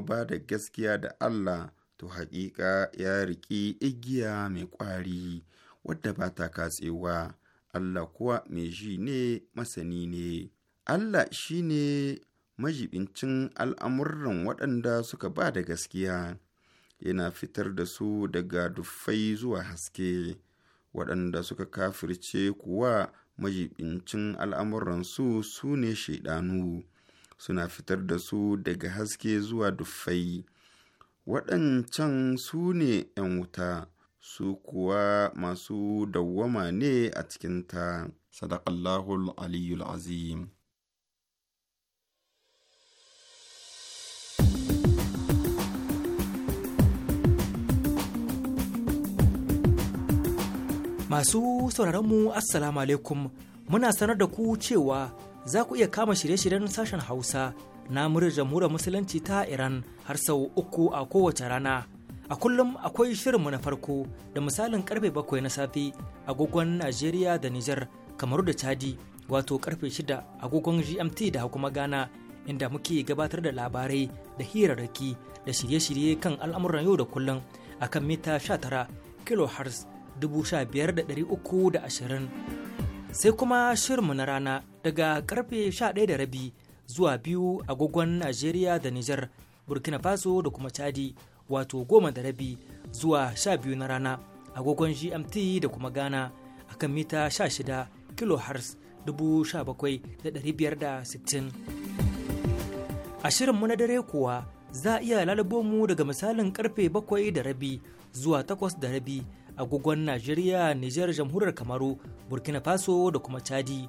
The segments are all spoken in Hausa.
ba da gaskiya da Allah to haƙiƙa ya riƙi igiya mai ƙwari wadda ba ta katsewa Allah kuwa mai ji ne masani ne Allah shi ne majibincin al'amuran waɗanda suka ba da gaskiya yana fitar da su daga duffai zuwa haske waɗanda suka kafirce kuwa majibincin al'amuransu su ne shaidanu suna fitar da su daga haske zuwa duffai waɗancan su ne ‘yan wuta su kuwa masu dawwama ne a cikinta sadakallahul aliyul azim masu sauraronmu assalamu alaikum muna sanar da ku cewa za ku iya kama shirye-shiryen sashen Hausa na muryar jamhuriyar Musulunci ta Iran har sau uku a kowace rana. A kullum akwai shirinmu na farko da misalin karfe bakwai na safe agogon Najeriya da Nijar kamaru da Chadi wato karfe shida agogon GMT da kuma Ghana inda muke gabatar da labarai da hirarraki da shirye-shirye kan al'amuran yau da kullum akan mita sha 19 da 15,320 sai kuma shirinmu na rana daga karfe 11:30 zuwa biyu agogon Najeriya da Nijar, Burkina Faso da kuma Chadi wato goma da rabi zuwa 12 na rana agogon GMT da kuma Ghana akan mita 16 kHz 17,560. A shirinmu na dare kuwa za a iya lalabo mu daga misalin karfe bakwai da zuwa takwas da rabi agogon Najeriya, Nijar, Jamhuriyar Kamaru, Burkina Faso da kuma Chadi.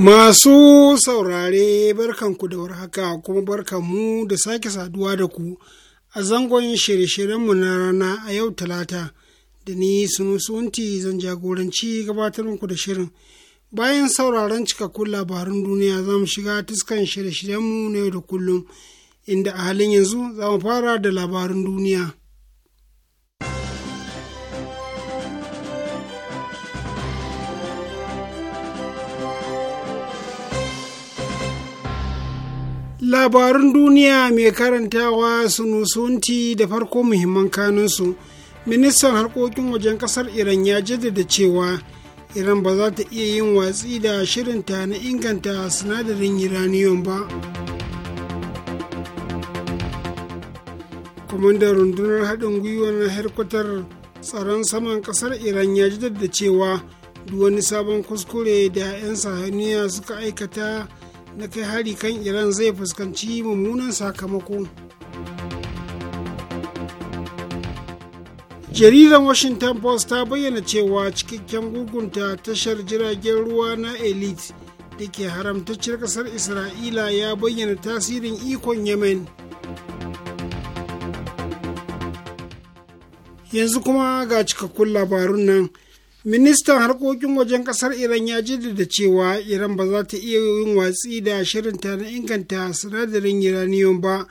Masu saurare barkanku da warhaka kuma barkanmu da sake saduwa da ku a zangon shirye-shiryenmu na rana a yau talata da ni sunusunti zan jagoranci gabatar muku da shirin. Bayan sauraron cikakkun labarin duniya za mu shiga tuskan shirye-shiryenmu na yau da kullum inda a halin yanzu za mu fara da labarin duniya. labarun duniya mai karantawa su sunusunti da farko muhimman kanunsu ministan harkokin wajen kasar iran ya jaddada cewa iran ba za ta iya yin watsi da shirinta na inganta sinadarin Iraniyon ba kwamandan rundunar haɗin gwiwar na harkatar tsaron saman kasar iran ya jaddada cewa duk wani sabon kuskure da 'yan sahaniya suka aikata na kai hari kan iran zai fuskanci mummunan sakamako jaridar washington post ta bayyana cewa cikakken gugunta tashar jiragen ruwa na elite da ke haramtacciyar kasar isra'ila ya bayyana tasirin ikon yemen yanzu kuma ga cikakkun labarun nan ministan harkokin wajen kasar iran ya jaddada cewa iran ba za ta iya yin watsi da shirinta na inganta sinadarin uranium ba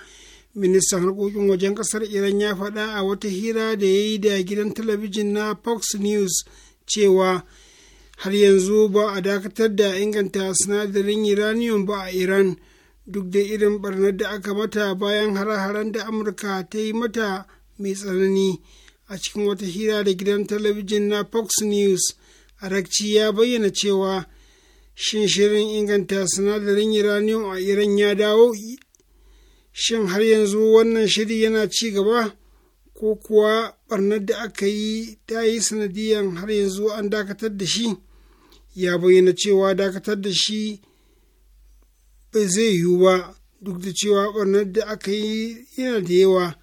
ministan harkokin wajen kasar iran ya faɗa a wata hira da ya yi da gidan talabijin na fox news cewa har yanzu ba a dakatar da inganta sinadarin uranium ba a iran duk da irin barnar da aka mata bayan hare-haren da amurka ta yi mata mai tsanani a cikin wata hira da gidan talabijin na fox news arakci ya bayyana cewa shin shirin inganta sinadarin uranium a iran ya dawo shin har yanzu wannan shiri yana ci gaba ko kuwa barnar da aka yi ta yi sanadiyan har yanzu an dakatar da shi ya bayyana cewa dakatar da shi ba zai yiwu ba duk da cewa barnar da aka yi yana da yawa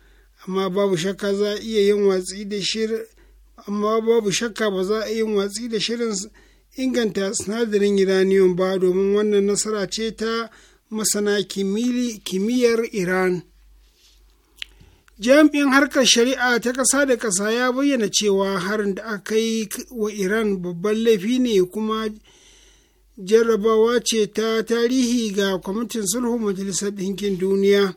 amma babu shakka za a iya yin watsi da shirin amma babu shakka ba za a yi watsi da shirin inganta sinadarin uranium ba domin wannan nasara ce ta masana kimiyyar iran jami'in harkar shari'a ta ƙasa da ƙasa ya bayyana cewa harin da aka yi wa iran babban laifi ne kuma jarrabawa ce ta tarihi ga kwamitin sulhu majalisar ɗinkin duniya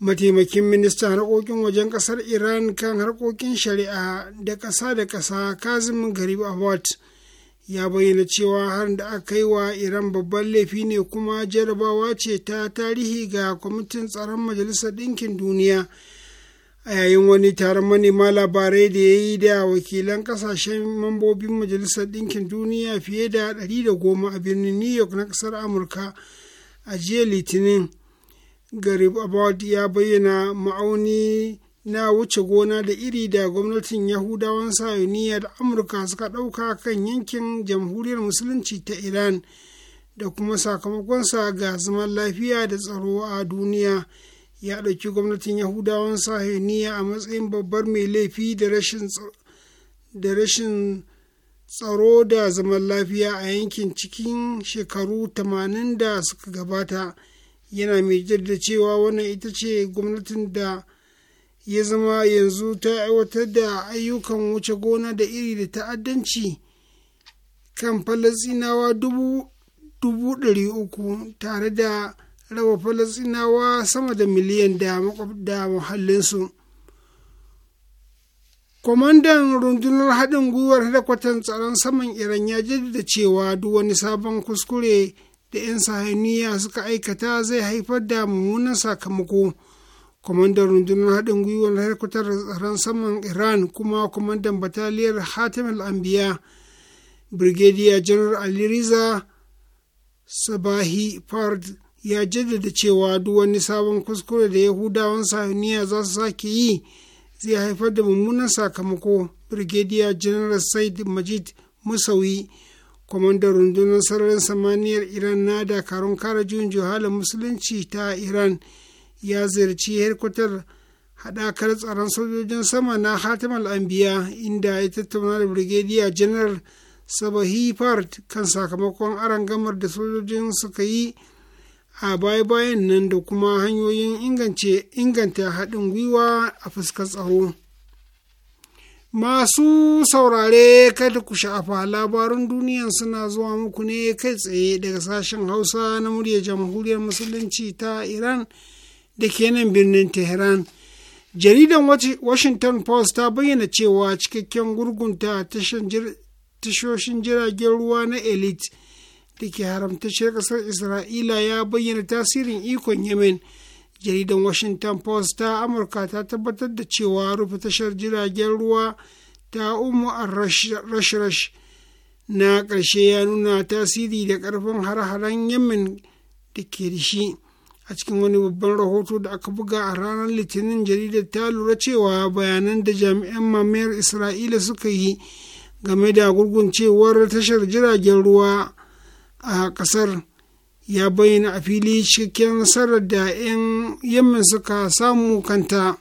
mataimakin ministan harkokin wajen kasar iran kan harkokin shari'a da ƙasa da ƙasa kazim garib awad ya bayyana cewa har da aka yi wa iran babban laifi ne kuma jarabawa ce ta tarihi ga kwamitin tsaron majalisar ɗinkin duniya a yayin wani taron manema labarai da ya yi da wakilan kasashen mambobin majalisar ɗinkin duniya fiye da 110 a birnin new york na ƙasar amurka a jiya litinin garib abad ya bayyana ma'auni na wuce gona da iri da gwamnatin yahudawan sayuniya da amurka suka ɗauka kan yankin jamhuriyar musulunci ta iran da kuma sakamakonsa ga zaman lafiya da tsaro a duniya ya ɗauki gwamnatin yahudawan sahiniya a matsayin babbar mai laifi da rashin tsaro da zaman lafiya a yankin cikin shekaru 80 da suka gabata yana mai jaddada cewa wannan ita ce gwamnatin da ya zama yanzu ta aiwatar da ayyukan wuce gona da iri da ta'addanci kan falasinawa dubu ɗari uku tare da raba falasinawa sama da miliyan da muhallinsu kwamandan rundunar haɗin gwiwar hadakwatan tsaron saman iran ya jaddada cewa duk wani sabon kuskure da 'yan sahaniya suka aikata zai haifar da mummunan sakamako kwamandan rundunar haɗin gwiwar harkutar tsaron saman iran kuma kwamandan bataliyar hatim al'ambiya brigadier general aliriza sabahi fard ya jaddada cewa duk wani sabon kuskure da yahudawan sahaniya za su sake yi zai haifar da mummunan sakamako brigadier general said majid musawi kwamandan rundunar sararin samaniyar iran na dakarun kara juyin juhalin musulunci ta iran ya ziyarci herkutar haɗakar tsaron sojojin sama na hatim al'ambiya inda ya tattauna da brigadier general sabahi part kan sakamakon gamar da sojojin suka yi a baya-bayan nan da kuma hanyoyin inganta haɗin gwiwa a fuskar tsaro. Masu saurare kada ku sha'afa labarin duniya suna zuwa muku ne kai tsaye daga sashen Hausa na muryar Jamhuriyar Musulunci ta Iran da ke nan birnin Tehran. Jaridan Washington Post ta bayyana cewa cikakken gurgunta tashoshin jiragen ruwa na elite da ke haramtacciyar ƙasar Isra'ila ya bayyana tasirin ikon Yemen. jaridan washington post ta amurka ta tabbatar da cewa rufe tashar jiragen ruwa ta umu rash-rash na ƙarshe ya nuna tasiri da ƙarfin har-haren yemen da ke da a cikin wani babban rahoto da aka buga a ranar litinin jaridar ta lura cewa bayanan da jami'an mamayar isra'ila suka yi game da gurguncewar tashar jiragen ruwa a ƙasar ya bayyana a fili cikakken nasarar da 'yan yamma suka samu kanta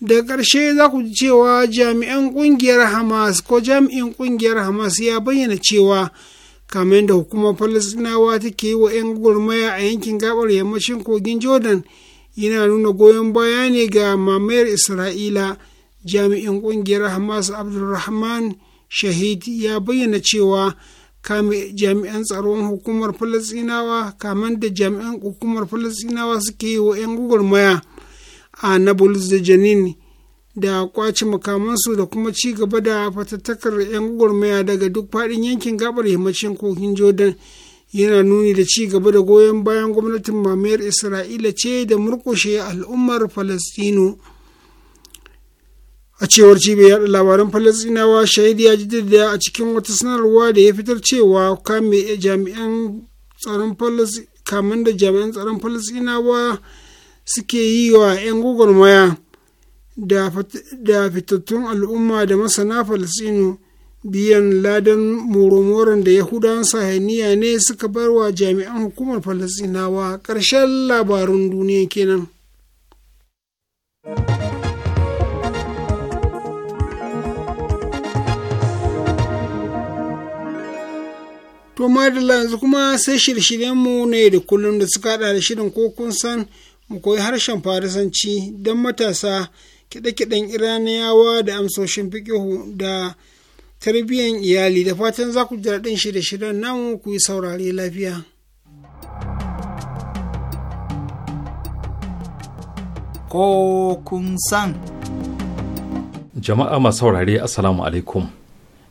daga ƙarshe za ku ji cewa jami'an ƙungiyar hamas ko jami'in ƙungiyar hamas ya bayyana cewa kamar da hukumar falasinawa take yi wa 'yan gurmaya a yankin gabar yammacin kogin jordan yana nuna goyon baya ne ga mamayar isra'ila jami'in ƙungiyar hamas abdulrahman shahid ya bayyana cewa jami'an tsaron hukumar falasinawa kaman da jami'an hukumar falasinawa suke yi wa 'yan gugurmaya a nablus da janin da kwaci makamansu da kuma ci gaba da fatattakar 'yan gugurmaya daga duk faɗin yankin gabar yammacin kogin jordan yana nuni da ci gaba da goyon bayan gwamnatin mamayar isra'ila ce da murkushe al'ummar falastino. a cewar cibiyar yaɗa labaran falasinawa shahid ya ji daidai a cikin wata sanarwa da ya fitar cewa kamun da jami'an tsaron falasinawa suke yi wa 'yan gwagwarmaya da fitattun al'umma da masana falasinu biyan ladan muromoron da yahudan sahaniya ne suka bar wa jami'an hukumar falasinawa ƙarshen labarun duniya kenan. To madalla yanzu kuma sai shirye-shiryenmu ne da kullum da suka haɗa da shirin ko kun san mu koyi harshen farisanci don matasa kiɗe-kiɗen iraniyawa da amsoshin fiƙihu da tarbiyyan iyali da fatan za ku daɗin shirye-shiryen namu ku yi saurari lafiya. Ko kun san. Jama'a masu saurare Assalamu alaikum.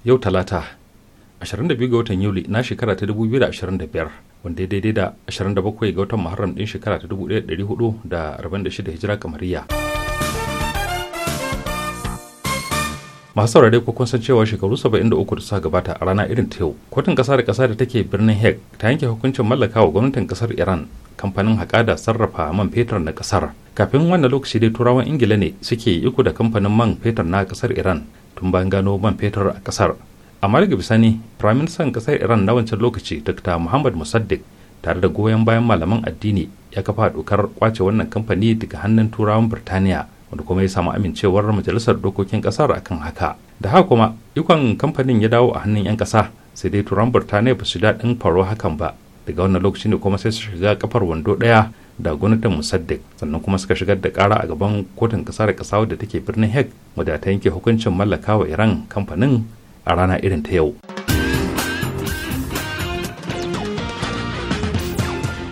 Yau talata 22 ga watan Yuli na shekara ta 2025 wanda ya daidai da 27 ga watan Muharram din shekara ta 1446 Hijira kamariya. masu saurare ko kun san cewa shekaru 73 da suka gabata a rana irin ta yau kotun kasa da kasa da take birnin hague ta yanke hukuncin mallaka wa gwamnatin kasar iran kamfanin haƙa da sarrafa man fetur na kasar kafin wannan lokaci dai turawan ingila ne suke iko da kamfanin man fetur na kasar iran tun bayan gano man fetur a kasar amma daga bisani firaministan kasar iran na wancan lokaci dr muhammad musaddiq tare da goyon bayan malaman addini ya kafa dokar kwace wannan kamfani daga hannun turawan birtaniya wanda kuma ya samu amincewar majalisar dokokin ƙasar akan haka da haka kuma ikon kamfanin ya dawo a hannun 'yan ƙasa sai dai turawan birtaniya ba su daɗin faro hakan ba daga wannan lokaci ne kuma sai su shiga kafar wando ɗaya da gwamnatin musaddik sannan kuma suka shigar da kara a gaban kotun kasar da kasa wadda take birnin hague wadda ta yanke hukuncin mallaka wa iran kamfanin a rana irin ta yau.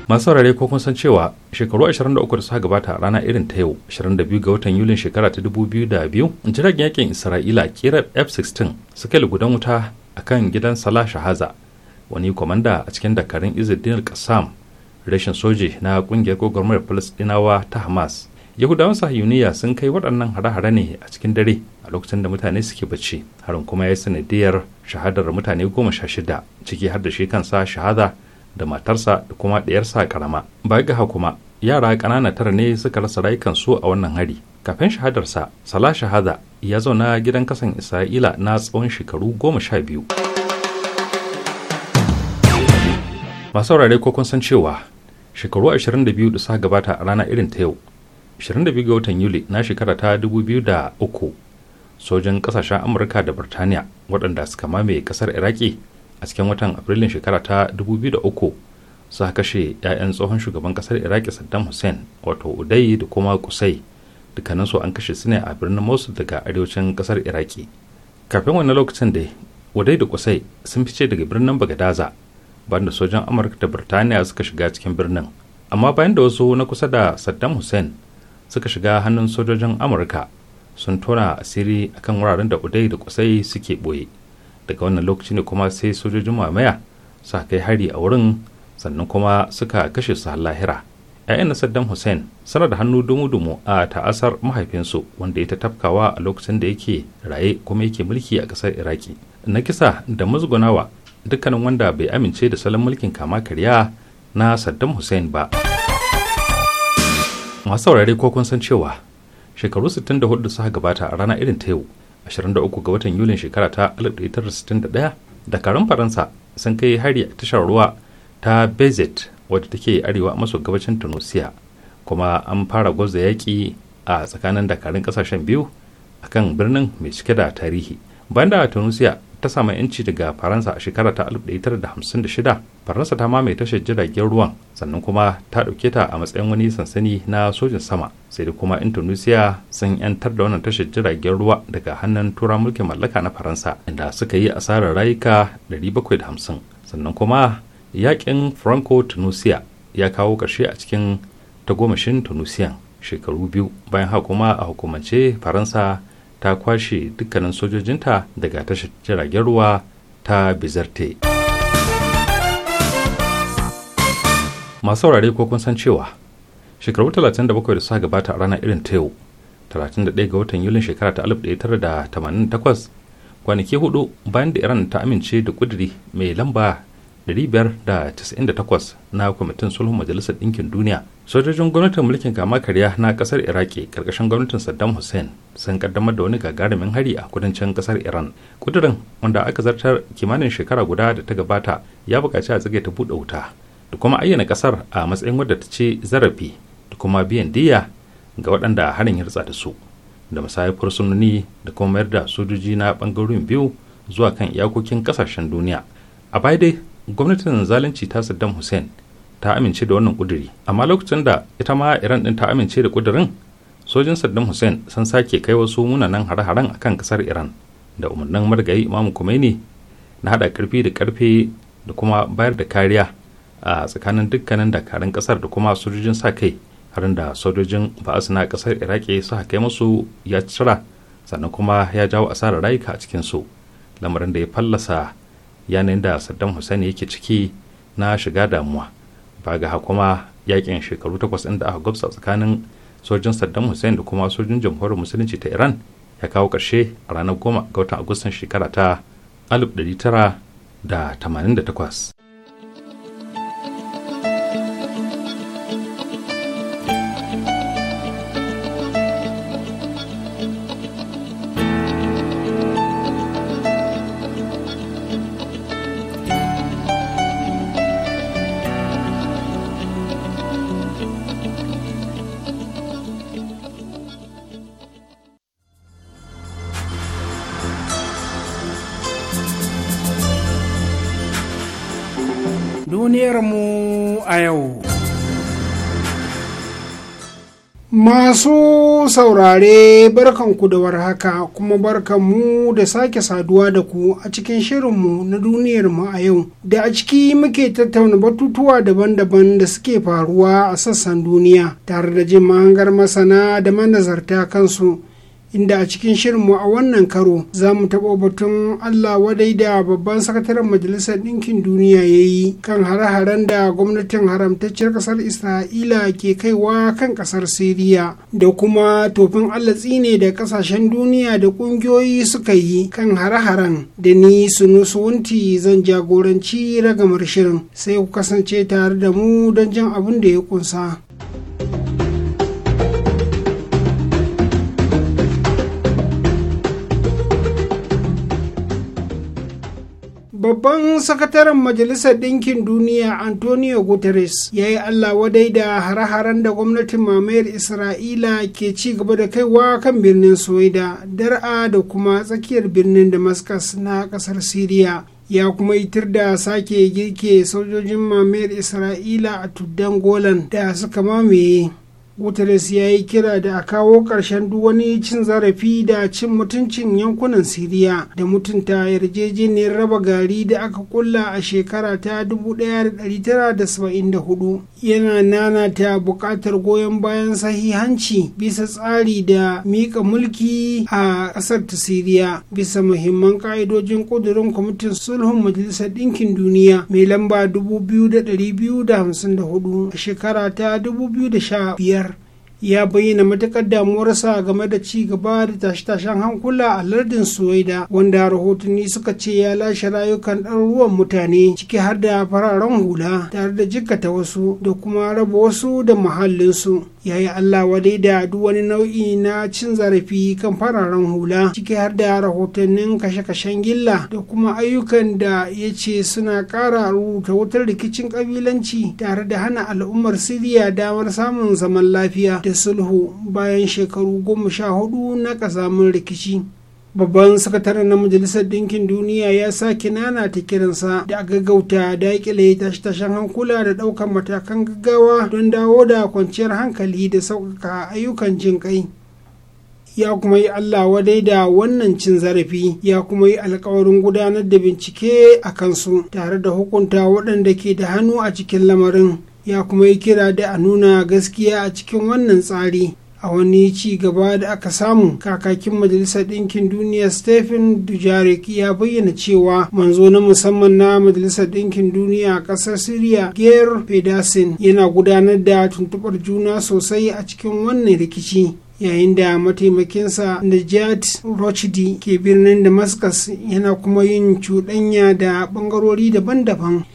masu saurare ko kun san cewa shekaru 23 da suka gabata a rana irin ta yau 22 ga watan yulin shekara ta 2002 jiragen yakin isra'ila kirar f-16 suka gudan wuta a kan gidan salah shahaza wani kwamanda a cikin dakarun izidin qassam rashin soji na kungiyar gwagwarmar palestinawa ta hamas yahudawan sahiyuniya sun kai waɗannan hare-hare ne a cikin dare a lokacin da mutane suke bacci harin kuma ya yi sanadiyar shahadar mutane goma sha shida ciki har da shi kansa shahada da matarsa da kuma ɗayarsa karama baƙi ga kuma yara ƙanana tara ne suka rasa rayukansu a wannan hari kafin shahadarsa sala shahada ya zauna gidan kasan isra'ila na tsawon shekaru goma sha biyu masu ko kun san cewa shekaru 22 da suka gabata a rana irin ta yau 22 ga watan yuli na shekara ta 2003 sojin kasashen amurka da birtaniya waɗanda suka mamaye ƙasar iraki a cikin watan afrilun shekara ta 2003 su kashe 'ya'yan tsohon shugaban ƙasar iraki saddam hussein wato uday da kuma kusai dukkaninsu an kashe su ne a birnin mosul daga arewacin ƙasar iraki kafin wannan lokacin da uday da kusai sun fice daga birnin bagadaza banda sojan amurka da birtaniya suka shiga cikin birnin amma bayan da wasu na kusa da saddam hussein suka shiga hannun sojojin amurka sun tona asiri akan wuraren da kudai da kusai suke boye daga wannan lokaci ne kuma sai sojojin mamaya su kai hari a wurin sannan kuma suka kashe su lahira 'ya'yan na saddam hussein sanar da hannu dumu-dumu a ta'asar mahaifinsu wanda ya ta tafkawa a lokacin da yake raye kuma yake mulki a ƙasar iraki na kisa da musgunawa dukkanin wanda bai amince da salon mulkin kama karya na saddam hussein ba. masu saurare ko kun san cewa shekaru 64 suka gabata a rana irin ta yau 23 ga watan yulin shekara ta 1961 dakarun faransa sun kai hari a tashar ruwa ta bezet wadda take arewa maso gabacin tunisia kuma an fara gwaza yaƙi a tsakanin dakarun ƙasashen biyu akan birnin mai cike da tarihi banda tunisia ta samu yanci daga faransa a shekara ta 1956 faransa ta mamaye tashar jiragen ruwan sannan kuma ta ɗauke ta a matsayin wani sansani na sojin sama sai da kuma indonesia sun yantar da wannan tashar jiragen ruwa daga hannun turan mulkin mallaka na faransa inda suka yi asarar rayuka 750 sannan kuma yakin franco tunisia ya kawo ƙarshe a cikin tagomashin tunisian shekaru biyu bayan haka kuma a hukumance faransa ta kwashe dukkanin sojojinta daga tashar jiragen ruwa ta bizarte masu saurari ko kun san cewa shekaru 37 da suka gabata a ranar irin ta yau 31 ga watan yulin shekara ta 1988 kwanaki hudu bayan da iran ta amince da kuduri mai lamba 598 na kwamitin sulhun majalisar ɗinkin duniya sojojin gwamnatin mulkin kama karya na ƙasar iraki ƙarƙashin gwamnatin saddam hussein sun kaddamar da wani gagarumin hari a kudancin ƙasar iran ƙudurin wanda aka zartar kimanin shekara guda da ta gabata ya buƙaci a tsige ta buɗe wuta da kuma ayyana ƙasar a matsayin wadda ta ce zarafi da kuma biyan diya ga waɗanda harin ya da su da musayar fursunoni da kuma mayar da sojoji na ɓangarorin biyu zuwa kan iyakokin ƙasashen duniya a baya dai gwamnatin zalunci ta saddam hussein ta amince da wannan kuduri amma lokacin da ita ma iran din ta amince da kudurin sojin saddam hussein sun sake kai wasu munanan hare-haren akan kasar iran da umarnin margayi imam khomeini na hada karfi da karfe da kuma bayar da kariya a tsakanin dukkanin dakarun kasar da kuma sojojin sa kai harin da sojojin ba'as na kasar iraki suka kai musu ya cira sannan kuma ya jawo asarar rayuka a cikin su lamarin da ya fallasa yanayin da saddam hussein yake ciki na shiga damuwa ba ga hakuma yakin shekaru takwas inda aka gwabsa tsakanin sojin saddam hussein da kuma sojin jamhuriyar musulunci ta iran ya kawo ƙarshe a ranar goma ga watan agustan shekara ta 1988 duniyarmu a yau. Masu saurare barkanku da warhaka kuma barkanmu da sake saduwa da ku a cikin shirinmu na duniyarmu a yau da a ciki muke tattauna batutuwa daban-daban da suke faruwa a sassan duniya tare da jin mahangar masana da manazarta kansu. inda a cikin shirinmu a wannan karo za mu taɓa batun Allah wadai da babban sakataren majalisar ɗinkin duniya ya yi kan hare-haren da gwamnatin haramtacciyar ƙasar Isra'ila ke kaiwa kan ƙasar Siriya da kuma tofin Allah tsine da ƙasashen duniya da ƙungiyoyi suka yi kan hare-haren da ni sunusu wunti zan jagoranci ragamar shirin sai ku kasance tare da mu don jin abin da ya ƙunsa. babban sakataren majalisar ɗinkin duniya antonio guterres ya yi allah wadai da hare-haren da gwamnatin mamayar isra'ila ke ci gaba da kaiwa kan birnin soida dar'a da kuma tsakiyar birnin damascus na ƙasar syria ya kuma yitar da sake girke sojojin mamayar isra'ila a tuddan golan da suka mamaye guterres ya yi kira da a kawo ƙarshen duk wani cin zarafi da cin mutuncin yankunan siriya da mutunta yarjejeniyar raba gari da aka kulla a shekara ta 1974 yana nana ta buƙatar goyon bayan sahihanci bisa tsari da miƙa mulki a ƙasar ta siriya bisa muhimman ƙa'idojin ƙudurin kwamitin sulhun majalisar ɗinkin duniya mai lamba 2254 a shekara ta 2015 ya bayyana matuƙar damuwarsa game da ci gaba da tashe-tashen hankula a lardin suwaida wanda rahotanni suka ce ya lashe rayukan ɗaruruwan mutane ciki har da fararen hula tare da jikkata wasu da kuma raba wasu da muhallinsu ya yi Allah wadai da duk wani nau'i na cin zarafi kan fararen hula ciki har da rahotannin kashe-kashen gilla da kuma ayyukan da ya ce suna ƙara rubuta wutar rikicin ƙabilanci tare da hana al'ummar siriya damar samun zaman lafiya da sulhu bayan shekaru goma sha hudu na ƙazamin rikici babban sakataren na majalisar ɗinkin duniya ya sake nana ta kiransa da a gaggauta daƙile tashe-tashen hankula da ɗaukar matakan gaggawa don dawo da kwanciyar hankali da sauƙaƙa ayyukan jin kai ya kuma yi Allah wadai da wannan cin zarafi ya kuma yi alkawarin gudanar da bincike a kansu tare da hukunta waɗanda ke da hannu a cikin lamarin ya kuma yi kira da a nuna gaskiya a cikin wannan tsari a wani ci gaba da aka samu kakakin majalisar ɗinkin duniya stephen Dujarik ya bayyana cewa manzo na musamman na majalisar ɗinkin duniya a ƙasar syria ger pedersen yana gudanar da tuntuɓar juna sosai a cikin wannan rikici yayin da mataimakinsa Najat Rochdi ke birnin Damascus yana kuma yin cuɗanya da ɓangarori daban-daban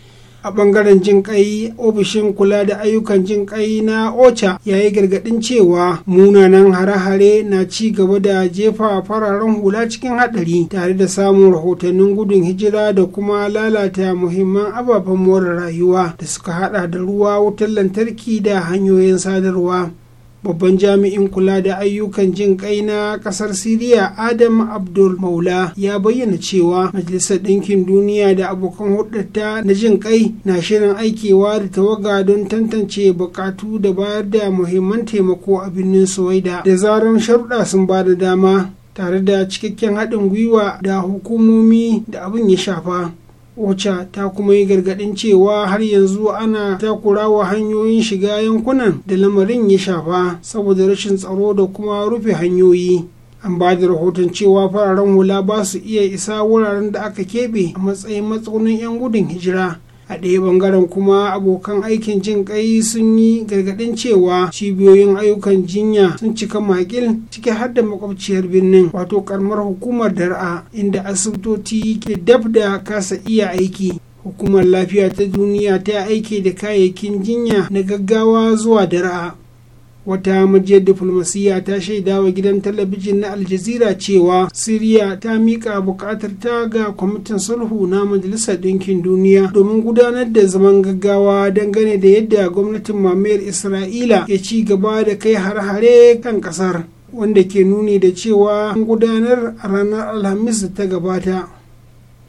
a bangaren jin kai ofishin kula da ayyukan jin kai na ocha ya yi gargadin cewa munanan hare-hare na ci gaba da jefa fararen hula cikin hadari tare da samun rahotannin gudun hijira da kuma lalata muhimman ababen more rayuwa da suka hada da ruwa wutar lantarki da hanyoyin sadarwa babban jami'in kula da ayyukan jin kai na kasar siriya adam abdul maula ya bayyana cewa majalisar ɗinkin duniya da abokan hudata na jin kai na shirin aikewa da tawaga don tantance bukatu da bayar da muhimman taimako a birnin suwaida da zaran sharuɗa sun ba da dama tare da cikakken haɗin gwiwa da hukumomi da abin ya shafa ocha ta kuma yi gargaɗin cewa har yanzu ana takurawa hanyoyin shiga yankunan da lamarin ya shafa saboda rashin tsaro da kuma rufe hanyoyi an ba da rahoton cewa fararen hula ba su iya isa wuraren da aka keɓe a matsayin matsaunin 'yan gudun hijira a ɗaya bangaren kuma abokan aikin jin ƙai sun yi gargaɗin cewa cibiyoyin ayyukan jinya sun cika makil ciki har da makwabciyar birnin wato karamar hukumar dar'a inda asibitoci ke dab da kasa iya aiki hukumar lafiya ta duniya ta aiki da kayayyakin jinya na gaggawa zuwa dar'a wata majiyar diflomasiyya ta shaida wa gidan talabijin na aljazira cewa siriya ta miƙa buƙatar ta ga kwamitin sulhu na majalisar ɗinkin duniya domin gudanar da zaman gaggawa dangane da yadda gwamnatin mamayar isra'ila ya ci gaba da kai har-hare kan ƙasar wanda ke nuni da cewa gudanar a ranar alhamis da ta gabata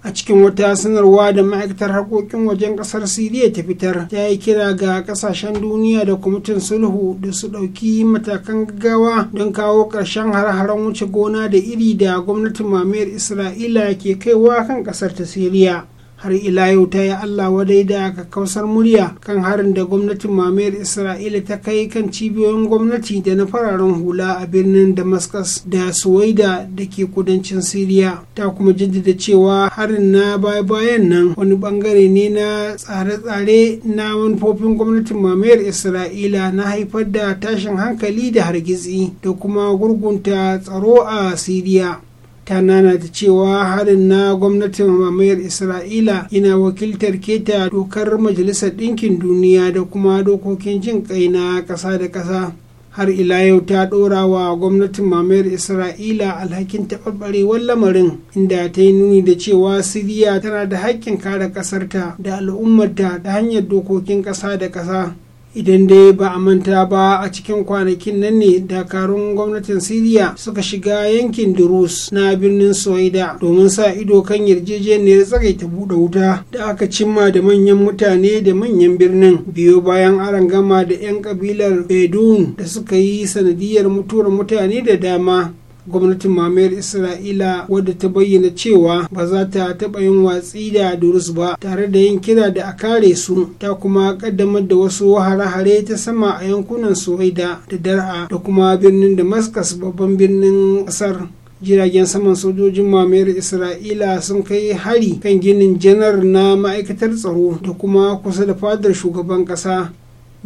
a cikin wata sanarwa da ma'aikatar harkokin wajen kasar siriya ta fitar ta yi kira ga kasashen duniya da kwamitin sulhu da su ɗauki matakan gaggawa don kawo ƙarshen har-haren wuce gona da iri da gwamnatin mamayar isra'ila ke kaiwa kan ƙasar ta siriya har ila yau ta yi allah wadai da kausar murya kan harin da gwamnatin mamayar isra'ila ta kai kan cibiyoyin gwamnati da na fararen hula a birnin damascus da suwaida da ke kudancin siriya ta kuma jaddada cewa harin na baya-bayan nan wani bangare ne na tsare-tsare na manufofin gwamnatin mamayar isra'ila na haifar da tashin hankali da hargitsi da kuma gurgunta tsaro a siriya ta da cewa harin na gwamnatin mamayar isra'ila ina wakiltar keta dokar majalisar ɗinkin duniya da kuma dokokin jin kai na ƙasa da ƙasa har ila yau ta ɗora wa gwamnatin mamayar isra'ila alhakin taɓarɓarewar lamarin inda ta yi nuni da cewa siriya tana da haƙƙin kare ƙasarta da al'ummarta ta hanyar dokokin ƙasa da ƙasa idan dai ba a manta ba a cikin kwanakin nan ne dakarun gwamnatin siriya suka shiga yankin durus na birnin soida domin sa ido kan yarjejeniyar ta buɗe wuta da aka cimma da manyan mutane da manyan birnin biyo bayan aran gama da 'yan kabilar bedouin da suka yi sanadiyar mutuwar mutane da dama gwamnatin mamayar isra'ila wadda ta bayyana cewa ba za ta taɓa yin watsi da durus ba tare da yin kira da a kare su ta kuma ƙaddamar da wasu hare-hare ta sama a yankunan Suwaida da dar'a da kuma birnin damascus babban birnin ƙasar jiragen saman sojojin mamayar isra'ila sun kai hari kan ginin janar na ma'aikatar tsaro da kuma kusa da fadar shugaban ƙasa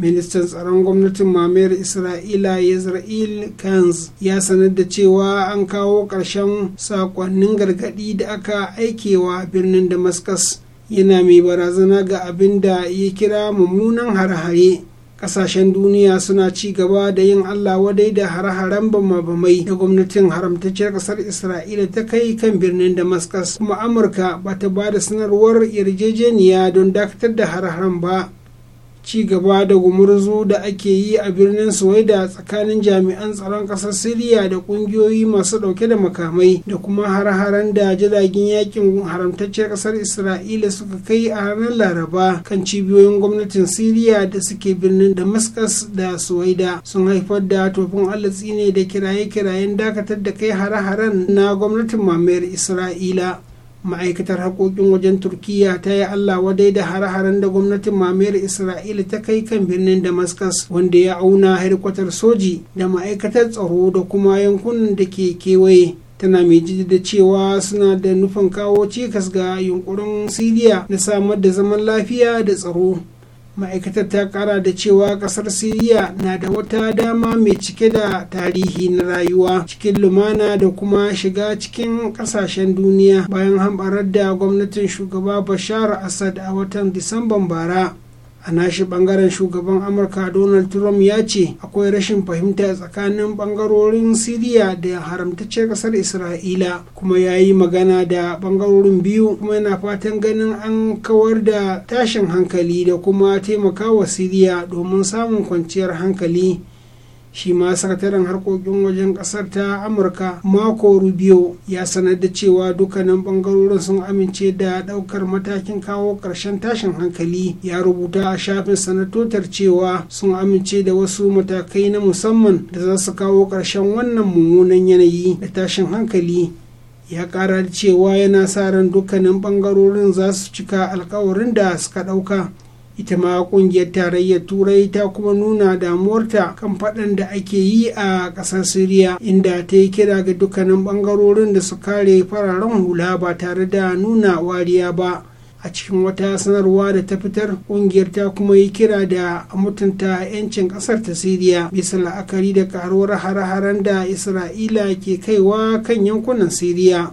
ministan tsaron gwamnatin mamayar isra'ila yisra'il kanz ya sanar da cewa an kawo ƙarshen sakonnin gargaɗi da aka aikewa birnin damascus yana mai barazana ga abin da ya kira mummunan harhare. Ƙasashen duniya suna ci gaba da yin allah wadai da hare-haren bama-bamai da gwamnatin haramtacciyar ƙasar isra'ila ta kai kan birnin damascus kuma amurka ba ta ba da sanarwar yarjejeniya don dakatar da hare-haren ba ci gaba da gumurzu da ake yi a birnin suwaida tsakanin jami'an tsaron ƙasar siriya da ƙungiyoyi masu ɗauke da makamai da kuma har-haren da jiragen yakin haramtacciyar ƙasar isra'ila suka kai a ranar laraba kan cibiyoyin gwamnatin siriya da suke birnin damascus da suwaida sun haifar da tofin allatsi ne da kiraye-kirayen dakatar da kai har-haren na gwamnatin mamayar isra'ila ma'aikatar haƙoƙin wajen turkiya ta yi allah wadai da hare-haren da gwamnatin mamayar isra'ila ta kai kan birnin damascus wanda ya auna harkwatar soji da ma'aikatar tsaro da kuma yankunan da ke kewaye tana mai da cewa suna da nufin kawo cikas ga yunkurin siriya na samar da zaman lafiya da tsaro ma'aikatar ta kara da cewa kasar siriya na da wata dama mai cike da tarihi na rayuwa cikin lumana da kuma shiga cikin kasashen duniya bayan hambarar da gwamnatin shugaba bashar assad a watan disamban bara a nashi bangaren shugaban amurka donald trump ya ce akwai rashin fahimta tsakanin bangarorin siriya da haramtacciyar kasar isra'ila kuma ya yi magana da bangarorin biyu kuma yana fatan ganin an kawar da tashin hankali da kuma taimakawa siriya domin samun kwanciyar hankali shi ma sakataren harkokin wajen kasar ta amurka mako rubio ya sanar da cewa dukkanin bangarorin sun amince da daukar matakin kawo karshen tashin hankali ya rubuta a shafin sanatotar cewa sun amince da wasu matakai na musamman da za su kawo karshen wannan mummunan yanayi da tashin hankali ya kara cewa yana sa ran dukkanin bangarorin za su cika alkawarin da suka dauka ita ma kungiyar tarayyar turai ta kuma nuna damuwarta kan faɗan da ake yi a ƙasar siriya inda ta yi kira ga dukkanin ɓangarorin da su kare fararen hula ba tare da nuna wariya ba a cikin wata sanarwa da ta fitar kungiyar ta kuma yi kira da mutunta 'yancin ƙasar ta siriya bisa la'akari da karuwar hare-haren da isra'ila ke kaiwa kan yankunan siriya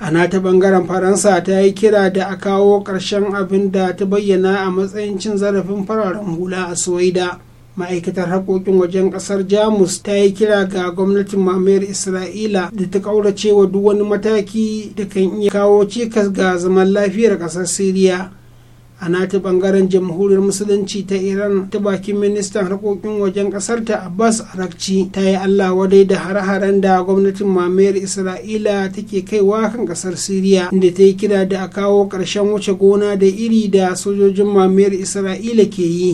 a ta bangaren faransa ta yi kira da a kawo ƙarshen abin da ta bayyana a matsayin cin zarafin fararen hula a suwaida ma'aikatar haƙoƙin wajen ƙasar jamus ta yi kira ga gwamnatin mamayar isra'ila da ta ƙaurace wa duk wani mataki da kan iya kawo cikas ga zaman lafiyar ƙasar siriya a nata bangaren jamhuriyar musulunci ta iran ta bakin ministan harkokin wajen kasar ta abbas arakci ta yi allah wadai da hare-haren da gwamnatin mamayar isra'ila take kaiwa kan kasar siriya inda ta yi kira da a kawo ƙarshen wuce gona da iri da sojojin mamayar isra'ila ke yi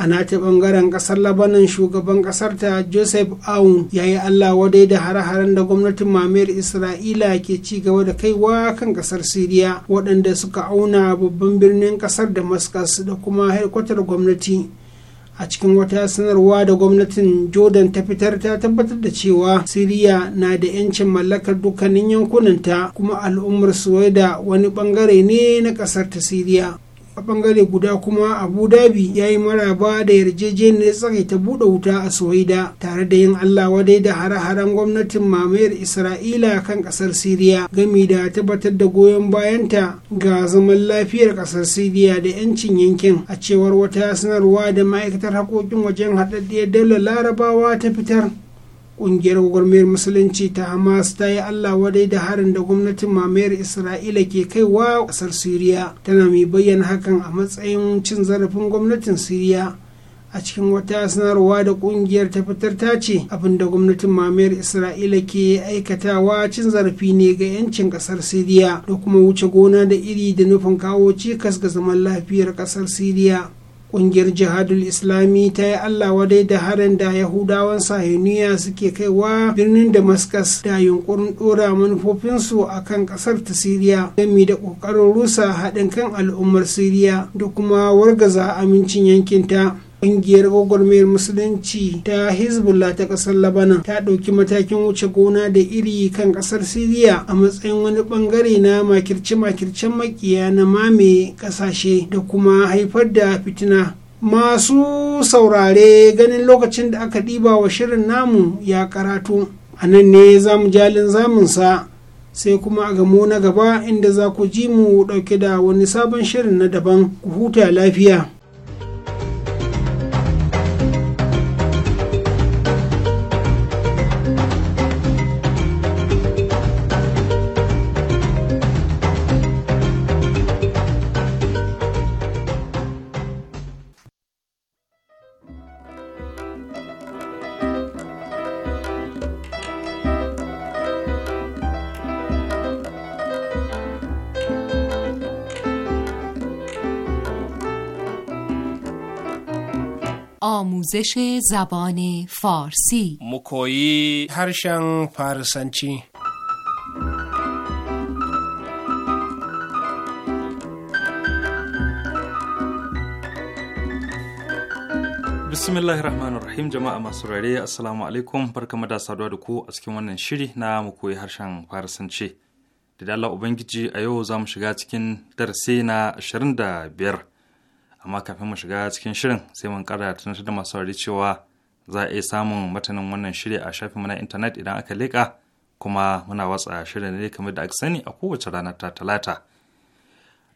a nata bangaren kasar labanan shugaban kasar ta joseph aun ya yi allah wadai da hare-haren da gwamnatin mamayar isra'ila ke ci gaba da kaiwa kan kasar siriya waɗanda suka auna babban birnin kasar damascus da kuma haikwatar gwamnati a cikin wata sanarwa da gwamnatin jordan ta fitar ta tabbatar da cewa siriya na da 'yancin mallakar dukkanin yankunanta kuma al'ummar suwaida wani bangare ne na kasar ta siriya a bangare guda kuma abu dhabi ya yi maraba da yarjejeniyar ta buɗe wuta a soyida tare da yin allah wadai da hare-haren gwamnatin mamayar isra'ila kan ƙasar siriya gami da tabbatar da goyon bayanta ga zaman lafiyar ƙasar siriya da 'yancin yankin a cewar wata sanarwa da ma'aikatar haƙoƙin wajen haɗaɗɗiyar daular larabawa ta fitar kungiyar gwagwarmayar musulunci ta hamas ta yi allah wadai da harin da gwamnatin mamayar isra'ila ke kaiwa kasar siriya tana mai bayyana hakan a matsayin cin zarafin gwamnatin siriya a cikin wata sanarwa da kungiyar ta fitar ta ce abin da gwamnatin mamayar isra'ila ke aikatawa cin zarafi ne ga 'yancin kasar siriya da kuma wuce gona da iri da nufin kawo cikas ga zaman lafiyar kasar siriya ƙungiyar jihadul islami ta yi allah wadai da harin da yahudawan sahiniya suke kaiwa birnin damascus da yunkurin dora manufofinsu a kan ƙasar ta siriya gami da ƙoƙarin rusa haɗin kan al'ummar siriya da kuma wargaza amincin yankinta Ƙungiyar gwagwarmayar musulunci ta Hezbollah ta ƙasar Labanan ta ɗauki matakin wuce gona da iri kan ƙasar Siriya a matsayin wani ɓangare na makirce-makircen makiya na mame ƙasashe da kuma haifar da fitina. Masu saurare ganin lokacin da aka ɗiba wa shirin namu ya karatu. A nan ne za mu jalin zamunsa sai kuma a gamo na gaba inda za ku ji mu ɗauke da wani sabon shirin na daban ku huta lafiya. آموزش زبان فارسی مکویی هرشن فارسنچی bismillahir rahmanir rahim jama'a masu rare assalamu alaikum barka mada saduwa da ku a cikin wannan shiri na mu koyi harshen farisanci da Allah ubangiji a yau za mu shiga cikin darasi na biyar. amma kafin mu shiga cikin shirin sai mun kara tunatar da masu saurari cewa za a iya samun matanin wannan shiri a shafinmu na intanet idan aka leƙa kuma muna watsa shirin ne kamar da aka sani a kowace ranar ta talata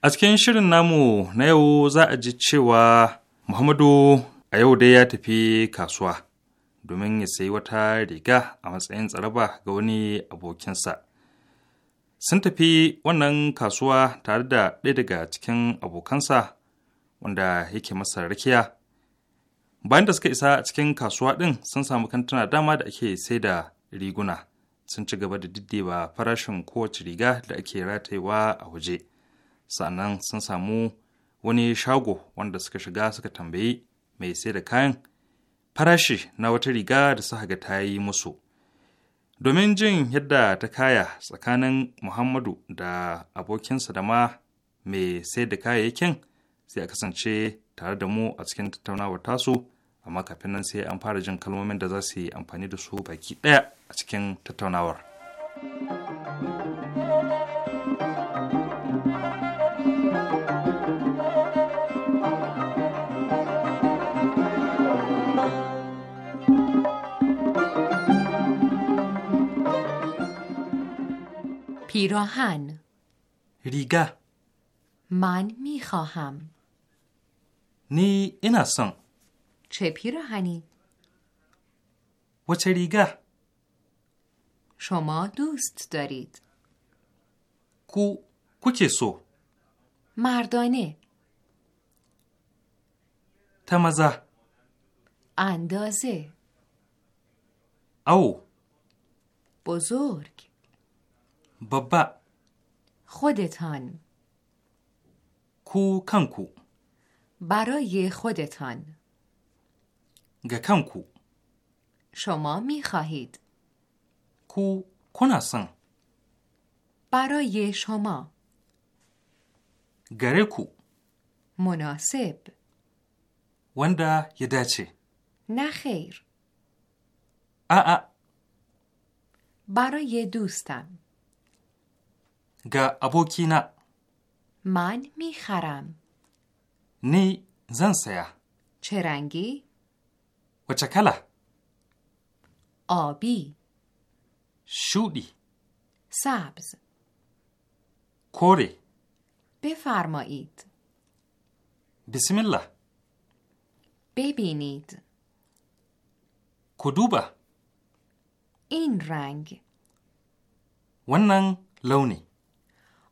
a cikin shirin namu na yau za a ji cewa muhammadu a yau dai ya tafi kasuwa domin ya sayi wata riga a matsayin tsaraba ga wani abokinsa sun tafi wannan kasuwa tare da ɗaya daga cikin abokansa wanda yake masa rakiya bayan da suka isa a cikin kasuwa ɗin sun samu kantuna dama da ake sai da riguna sun ci gaba da diddeba farashin kowace riga da ake ratayewa a waje sannan sun samu wani shago wanda suka shiga suka tambayi mai sai da kayan farashi na wata riga da suka ga ta yi musu domin jin yadda ta kaya tsakanin muhammadu da abokinsa da ma mai sai da kayayyakin sai a kasance tare da mu a cikin tattaunawar tasu amma kafin nan sai an fara jin kalmomin da za su yi amfani da su baki ɗaya a cikin tattaunawar. پیراهن ریگه من میخواهم نی اینا سن چه پیراهنی؟ و چه شما دوست دارید کو کوچه سو مردانه تمزه اندازه او بزرگ بابا خودتان کو کنکو برای خودتان گکانکو شما می خواهید کو کناسن برای شما گرکو مناسب وندا یداچه نه خیر آ برای دوستم گا ابوکینا من میخرم ni zan saya ce wace kala obi Shuɗi. sabz kore befarmayid bismillah ببینید Kuduba. این رنگ ونن لونی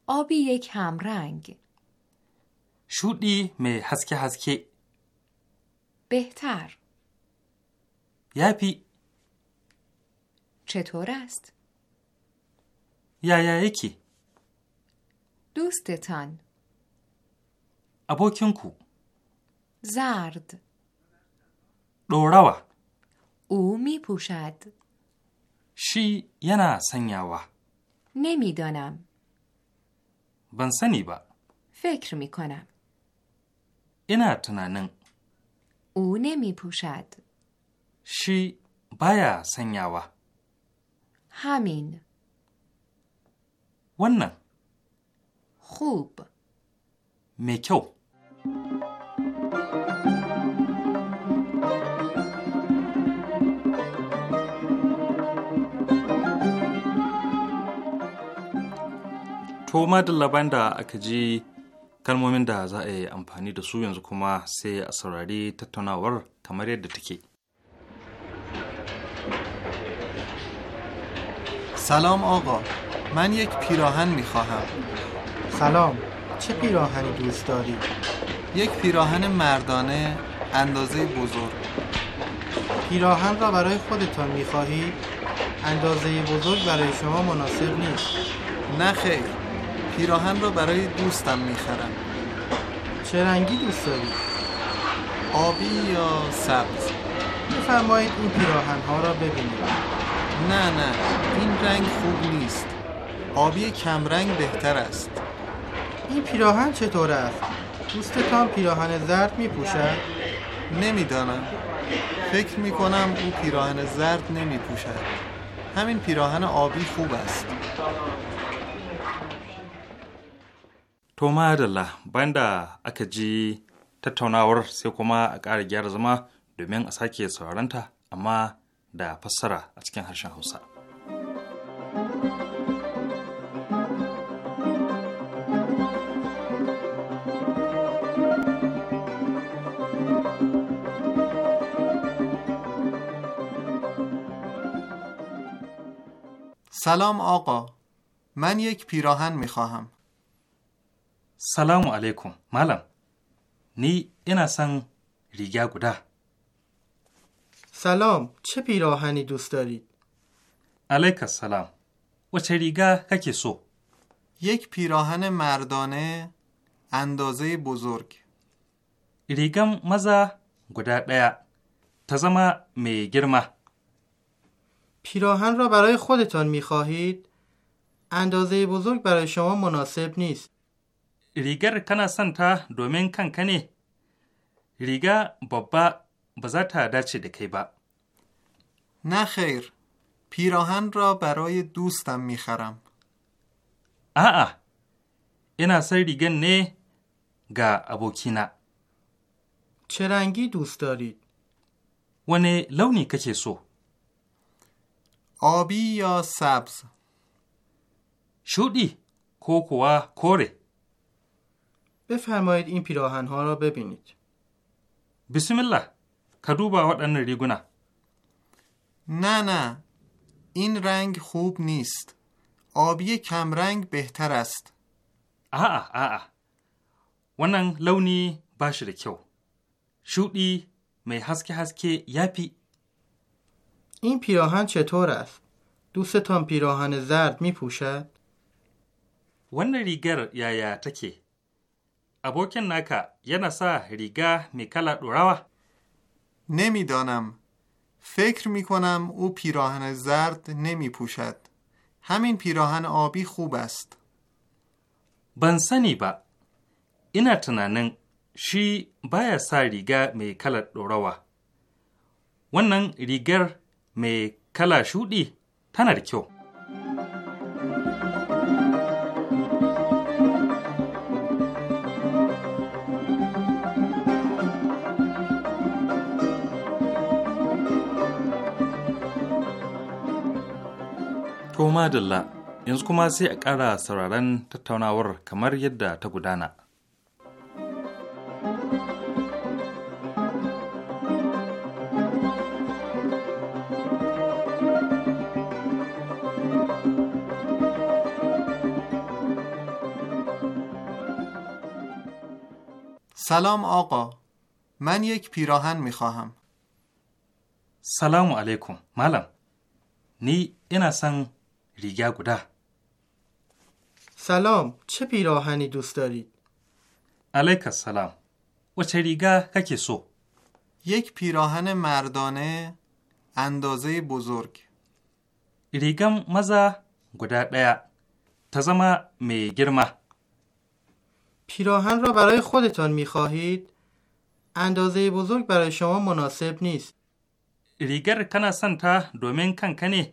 آبی یک هم رنگ شودی می هسکه هسکه بهتر یپی چطور است؟ یا یا یکی دوستتان ابوکینکو زرد دوراوا او می پوشد شی ینا سنیاوا نمیدانم بنسنی با فکر میکنم. ina tunanin. Une mi pushad? Shi baya sanyawa. Hamin. Wannan. Hub. Me kyau. Toma da labanda aka ji kalmomin da za a yi amfani da su yanzu kuma sai a سلام آقا من یک پیراهن میخواهم سلام چه پیراهنی دوست داری؟ یک پیراهن مردانه اندازه بزرگ پیراهن را برای خودتان میخواهی؟ اندازه بزرگ برای شما مناسب نیست نه خیر پیراهن را برای دوستم میخرم چه رنگی دوست دارید؟ آبی یا سبز بفرمایید این پیراهن ها را ببینید نه نه این رنگ خوب نیست آبی کمرنگ بهتر است این پیراهن چطور است؟ دوستتان پیراهن زرد می پوشد؟ نمیدانم فکر می کنم او پیراهن زرد نمی همین پیراهن آبی خوب است To madalla bayan da aka ji tattaunawar sai kuma a ƙara gyara zama domin a sake sauranta amma da fassara a cikin harshen Hausa. سلام آقا من یک پیراهن می خواهم سلام علیکم ملم نی انا سن ریگا سلام چه پیراهنی دوست دارید؟ علیک سلام و چه سو؟ یک پیراهن مردانه اندازه بزرگ ریگم مزا گودا دیا تزما می گرمه پیراهن را برای خودتان می اندازه بزرگ برای شما مناسب نیست. rigar kana son ta domin kanka ne riga babba ba za ta dace da kai ba na khair pirahan ra baraye dustam a'a ina son rigan ne ga abokina ce rangi dustari wane launi kake so abi ya sabz shudi ko kuwa kore بفرمایید این پیراهن ها را ببینید بسم الله کدو با وطن ریگونا نه نه این رنگ خوب نیست آبی رنگ بهتر است آه آه آه ونن ba shi شودی می می هسکه هسکه این پیراهن چطور است؟ دوستتان پیراهن زرد می پوشد؟ ریگر یا یا abokin naka yana sa riga mai kala ɗorawa? نمیدانم فکر می کنم او پیراهن زرد نمی پوشد همین پیراهن آبی خوب است ban sani ba, ina tunanin shi baya sa riga mai kalar ɗorawa. Wannan rigar mai kala shuɗi tana da kyau. To madalla, yanzu kuma sai a ƙara sauraron tattaunawar kamar yadda ta gudana. سلام آقا من یک پیراهن می خواهم سلام علیکم ملم نی اینا سن سلام چه پیراهنی دوست دارید؟ علیک السلام و چه ریگه سو؟ یک پیراهن مردانه اندازه بزرگ ریگم مزه گوده دیا تزما می گرمه پیراهن را برای خودتان می خواهید؟ اندازه بزرگ برای شما مناسب نیست ریگر کنا سنتا دومین کنکنی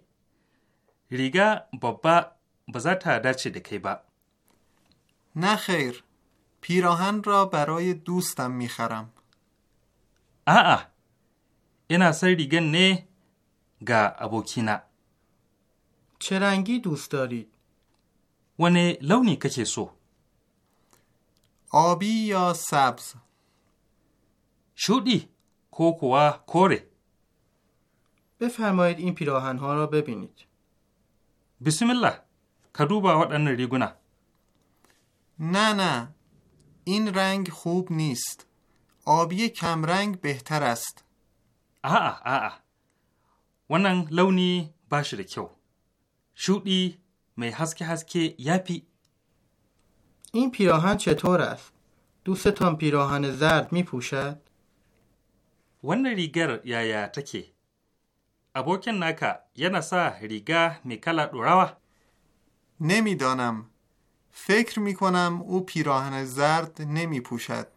ریگه بابا به تا دچه با نه خیر پیراهن را برای دوستم میخرم آه انا سر ریگه نه گا ابوکینا چه رنگی دوست دارید؟ نه لونی کچه سو آبی یا سبز شودی کوکوا کوره بفرمایید این پیراهن ها را ببینید بسم الله، که رو با آدن ریگونه؟ نه نه، این رنگ خوب نیست. آبی کم رنگ بهتر است. آه آه آه آه، وننگ لونی شودی که میه هزک هزکی یپی. این پیراهن چطور است؟ دوستان پیراهن زرد میپوشد؟ وننگ ریگر یا یا abokin naka yana sa riga mai kala ɗorawa? نمیدانم فکر می کنم او پیراهن زرد نمی پوشد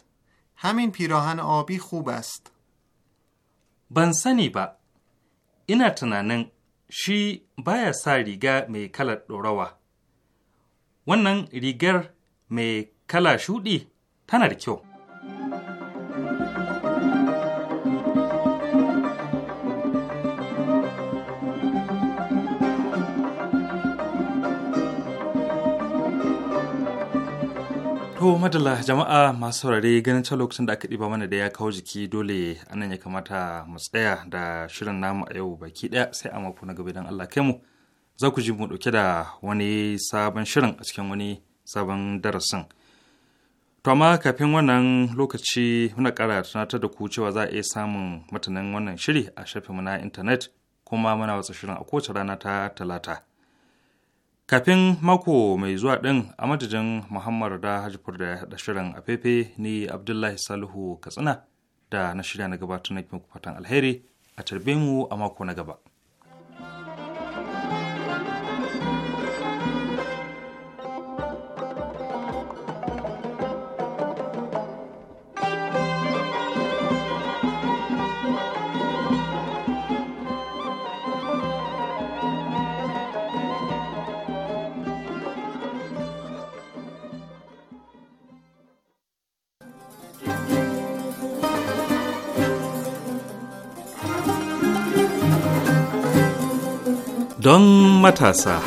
همین پیراهن آبی خوب است ban sani ba, ina tunanin shi baya sa riga mai kalar ɗorawa. Wannan rigar mai kala shuɗi tana da kyau. To madalla jama'a masu saurare ganin can lokacin da aka ɗiba mana da ya kawo jiki dole anan ya kamata mu tsaya da shirin namu a yau baki ɗaya sai a mako na gaba idan Allah kai mu za ku ji mu ɗauke da wani sabon shirin a cikin wani sabon darasin. To amma kafin wannan lokaci muna ƙara tunatar da ku cewa za a iya samun matanin wannan shiri a shafinmu na intanet kuma muna watsa shirin a kowace rana ta talata. kafin mako mai zuwa ɗin a madadin muhammadu da hajjifar da ya shirin a fefe ni abdullahi salihu katsina da na shirya na gabatar na fatan alheri a tarbe mu a mako na gaba. don matasa.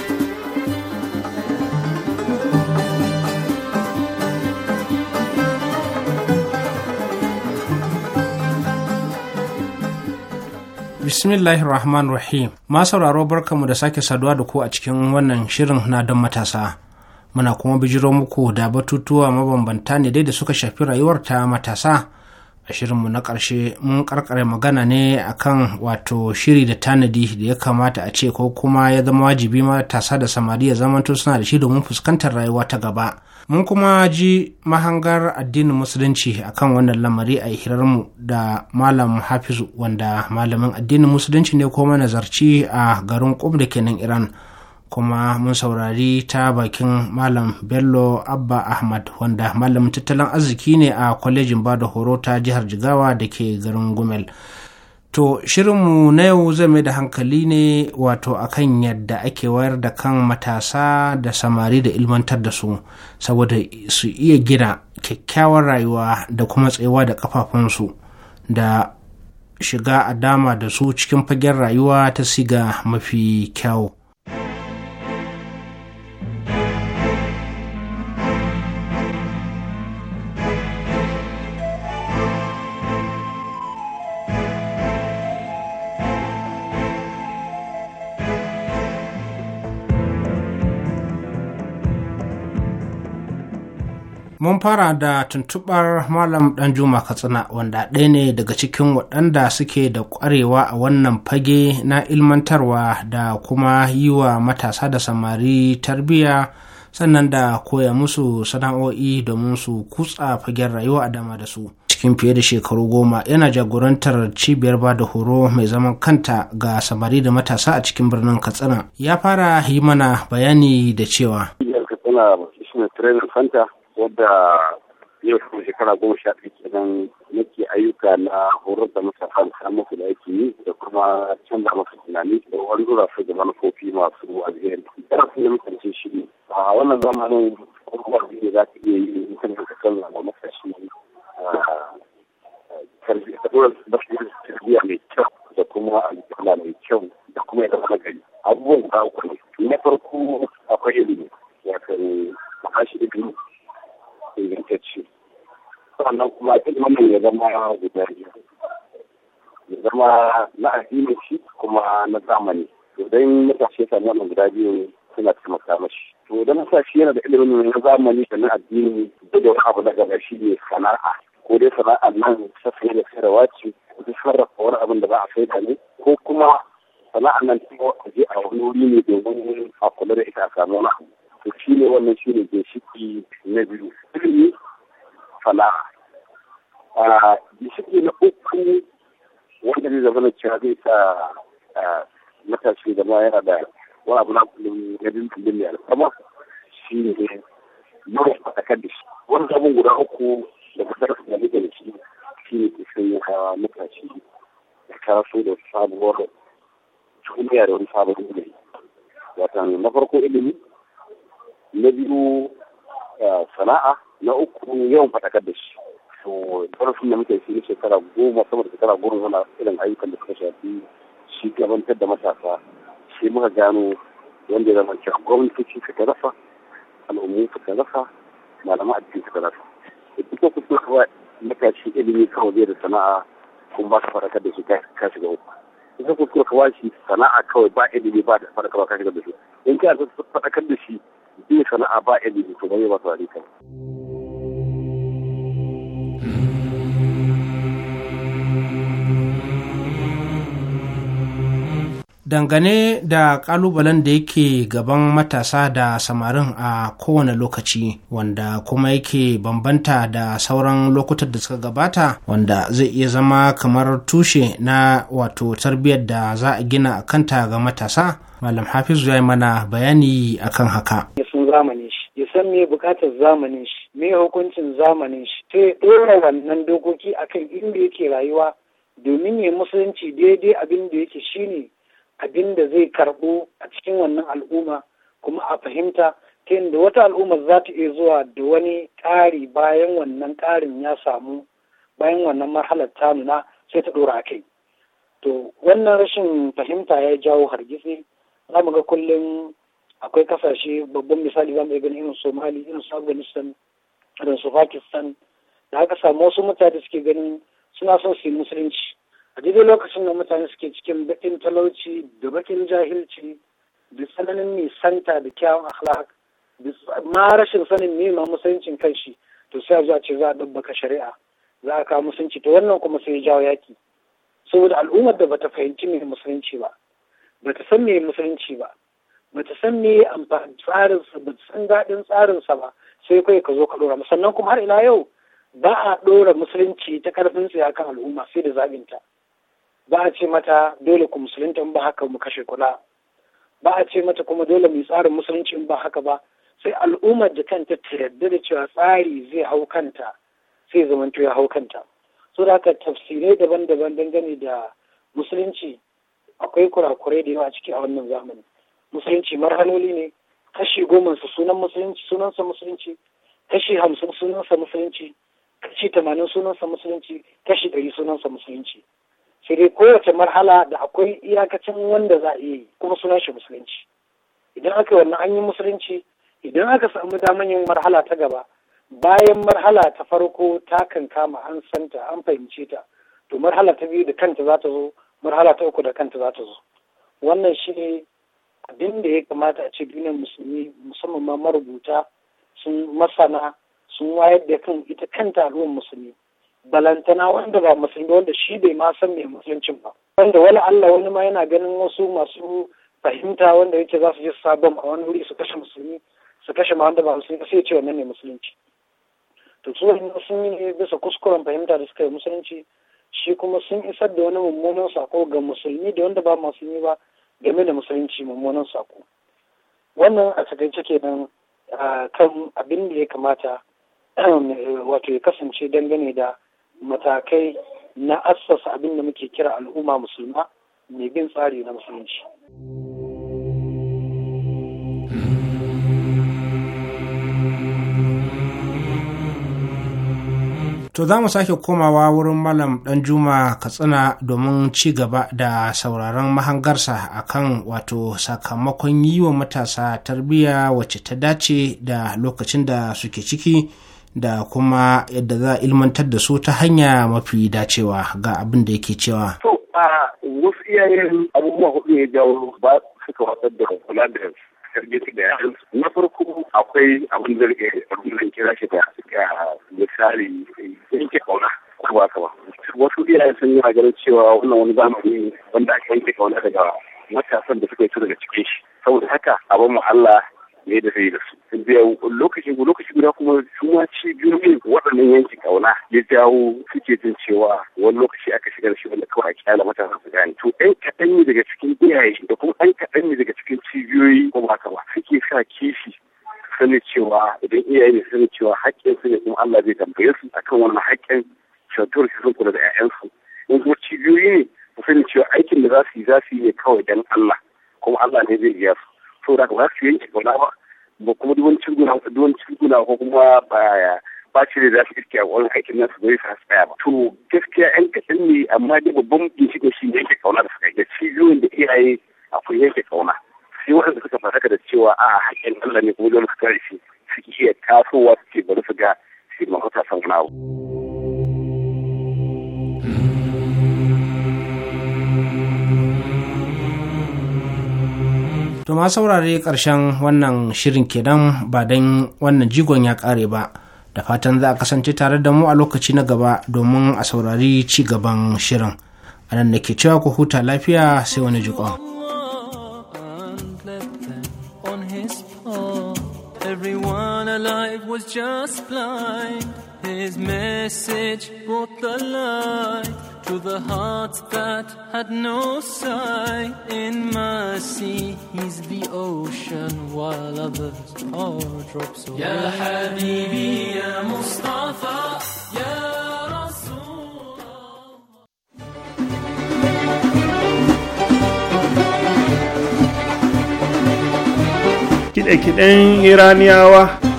Bismillahir rahman Rahim. Ma sauraro barkamu da sake saduwa da ku a cikin wannan shirin na don matasa. Muna kuma bijiro muku da batutuwa mabambanta ne dai da suka shafi rayuwar ta matasa. a shirinmu na ƙarshe mun karkare magana ne akan wato shiri da tanadi da ya kamata a ce ko kuma ya zama wajibi matasa da samari ya zamanto suna da shi domin fuskantar rayuwa ta gaba mun kuma ji mahangar addinin musulunci akan wannan lamari a hirarmu da malam hafizu wanda malamin addinin musulunci ne ko nazarci a garin kum da kenan iran kuma mun saurari ta bakin malam bello abba ahmad wanda malamin tattalin arziki ne a kwalejin bada horo ta jihar jigawa da ke garin gumel to shirinmu na yau zai mai da hankali ne wato akan yadda ake wayar da kan matasa da samari da ilmantar da su saboda su iya gina kyakkyawar rayuwa da kuma tsayawa da kafafunsu da shiga a dama da su cikin fagen rayuwa ta siga mafi kyau. fara da tuntubar Malam Danjuma Katsina wanda ɗaya ne daga cikin waɗanda suke da ƙwarewa a wannan fage na ilmantarwa da kuma yi wa matasa da samari tarbiyya sannan da koya musu sana'o'i domin su kutsa fagen rayuwa a dama da su. Cikin fiye da shekaru goma yana jagorantar cibiyar ba da horo mai zaman kanta ga samari da matasa a cikin birnin Katsina. Ya fara yi mana bayani da cewa. wadda yau kuma shekara goma sha ɗaya kenan nake ayyuka na horar da masa kan musu da ake yi da kuma canza masa tunani da wani zura su da manufofi masu alheri. Darasin da muka shi ne a wannan zamanin kuma da za ka iya yi in kana ka canza ma masa shi tarbiyya mai kyau da kuma alƙala mai kyau da kuma yadda zama gari abubuwan da uku ne na farko akwai ilimi wato ma'ashi ilimi ingantacce sannan kuma ilimin ya zama guda biyu ya zama na addini shi kuma na zamani idan matashi ya samu wannan guda biyu suna taimaka mashi to idan matashi yana da ilimin na zamani da na addini da da abu na gaba shi ne sana'a ko dai sana'a nan ta sai da sayarwa ce ko ta sarrafa wani abin da za a saida ne ko kuma sana'a nan ta je a wani wuri ne domin a kula da ita a samu wani abu to shi ne wannan shi ne ginshiki na biyu ilimi falaha ginshiki na uku wanda zai zama na cewa zai sa matashi ma yana da wani abu na kullum na da mai alfama shi ne yawan faɗakar da shi wani abin guda uku da kusa da nake da shi shi ne kusurin ya kawo matashi da kaso da sabuwar duniya da wani sabon duniya wata na farko ilimi na biyu eh, sana'a na uku yawan faɗakar da shi to ƙarfin da muke shi shekara goma sama da shekara goma muna irin ayyukan da suka shafi shi gabantar da matasa shi muka gano wanda ya zama cewa gwamnatoci suka rasa al'ummu suka rasa malaman addini suka rasa duk da kuma kawai matashi ilimi kawai zai da sana'a kuma ba su faɗakar da shi ka shiga uku duk da kuma kawai shi sana'a kawai ba ilimi ba da ba faɗakar da shi in ka fadakar da shi iya sana'a ba ilimi to ba zai ba dangane da kalubalen da yake gaban matasa da samarin a kowane lokaci wanda kuma yake bambanta da sauran lokutan da suka gabata wanda zai iya zama kamar tushe na wato tarbiyyar da za a gina kanta ga matasa malam hafizu ya yi mana bayani akan haka san me bukatar zamanin shi me hukuncin zamanin shi ya ɗora wannan dokoki akan inda yake rayuwa domin ya musulunci daidai abin da yake shine abin da zai karɓo a cikin wannan al'umma kuma a fahimta ta yadda wata al'umma za ta iya zuwa da wani ƙari bayan wannan ƙarin ya samu bayan wannan marhalar ta nuna sai ta ɗora kai to wannan rashin fahimta ya jawo hargitsi za mu ga kullum akwai kasashe babban misali za mu iya ganin irin somali irin su afghanistan irin su pakistan da aka samu wasu mutane suke ganin suna son su yi musulunci a daidai lokacin da mutane suke cikin baƙin talauci da baƙin jahilci da tsananin nisanta da kyawun akhlaq da ma rashin sanin me ma kan shi to sai zuwa ce za a ɗabbaka shari'a za a kawo musulunci to wannan kuma sai ya jawo yaƙi saboda al'ummar da bata fahimci me musulunci ba bata san me musulunci ba bata san me amfani tsarinsa bata san daɗin tsarinsa ba sai kai ka zo ka ɗora sannan kuma har ila yau ba a ɗora musulunci ta ƙarfin tsaye kan al'umma sai da zaɓinta. ta ba a ce mata dole ku musulunta in ba haka mu kashe kula ba a ce mata kuma dole mu tsarin musulunci in ba haka ba sai al'ummar da kanta ta yarda da cewa tsari zai hau kanta sai zamanto ya hau kanta so da haka tafsirai daban-daban dangane da musulunci akwai kurakurai da yawa ciki a wannan zamani musulunci marhaloli ne kashi goma su sunan musulunci sunansa musulunci kashi hamsin sunansa musulunci kashi tamanin sunansa musulunci kashi ɗari sunansa musulunci sai dai kowace marhala da akwai iyakacin wanda za a yi kuma sunan shi musulunci idan aka yi wannan an yi musulunci idan aka samu daman yin marhala ta gaba bayan marhala ta farko ta kan kama an santa an fahimce ta to marhala ta biyu da kanta za ta zo marhala ta uku da kanta za ta zo wannan shi ne abin da ya kamata a ce duniyar musulmi musamman ma marubuta sun masana sun wayar da kan ita kanta ruwan musulmi balantana wanda ba musulmi wanda shi bai ma san mai musuluncin ba wanda wala Allah wani ma yana ganin wasu masu fahimta wanda yake za su je sabon a wani wuri su kashe musulmi su kashe ma wanda ba musulmi sai ya ce wannan ne musulunci to su wani musulmi ne bisa kuskuren fahimta da suka yi musulunci shi kuma sun isar da wani mummunan sako ga musulmi da wanda ba musulmi ba game da musulunci mummunan sako wannan a takaice kenan kan abin da ya kamata wato ya kasance dangane da matakai na assasa abin da muke kira al'umma musulma mai bin tsari na musulunci. To za mu sake komawa wurin Malam Ɗanjuma Katsina domin ci gaba da sauraron mahangarsa a kan wato sakamakon yi wa matasa tarbiyya wacce ta dace da lokacin da suke ciki. da kuma yadda za a ilmantar da su ta hanya mafi dacewa ga abin da yake cewa. To, a wasu iyayen abubuwa hudu ya jawo ba suka wasa da kula da tarbiyyar da yaransu. na farko akwai abin da rike kira shi da suka misali yanke kauna wasu iyayen sun yi maganar cewa wannan wani zamani wanda aka yanke kauna daga matasan da suka yi daga cikin shi saboda haka abin mu Allah ne da sai da su da lokaci lokaci guda kuma suma ne waɗannan yankin kauna ya jawo suke jin cewa wani lokaci aka shiga da shi wanda kawai a kyala matasa su gane to ɗan kaɗan ne daga cikin iyaye da kuma ɗan kaɗan ne daga cikin cibiyoyi ko ba ba suke sa kishi sani cewa idan iyaye ne sani cewa haƙƙin su ne kuma Allah zai tambaye su akan wannan haƙƙin shantuwar su sun kula da 'ya'yansu in kuma cibiyoyi ne su sani cewa aikin da za su yi za su yi ne kawai dan Allah kuma Allah ne zai biya su saboda ka ba su yanke kauna ba ba kuma duwancin guna duwancin guna ko kuma ba ba shi da zafi iske a wurin aikin nasu bai sa tsaya ba to gaskiya yan kaɗan ne amma dai babban ginshiƙin shi ne yanke kauna da suka yi da cibiyoyin da iyaye akwai yanke kauna sai waɗanda suka fasaka da cewa a haƙƙin Allah ne kuma dole su kare shi suke iya tasowa suke bari su ga shi mahauta san wani abu. To ma saurare ƙarshen wannan shirin kenan ba dan wannan jigon ya ƙare ba. Da fatan za a kasance tare da mu a lokaci na gaba domin a saurari ci gaban shirin. A nan da ke cewa ku huta lafiya sai wani jikon. Everyone alive was just blind. to the hearts that had no sigh. In mercy, He's the ocean, while others are drops away. Ya Habibi, Ya Mustafa, Ya Rasulullah. Kiɗe-kiɗen Iraniyawa.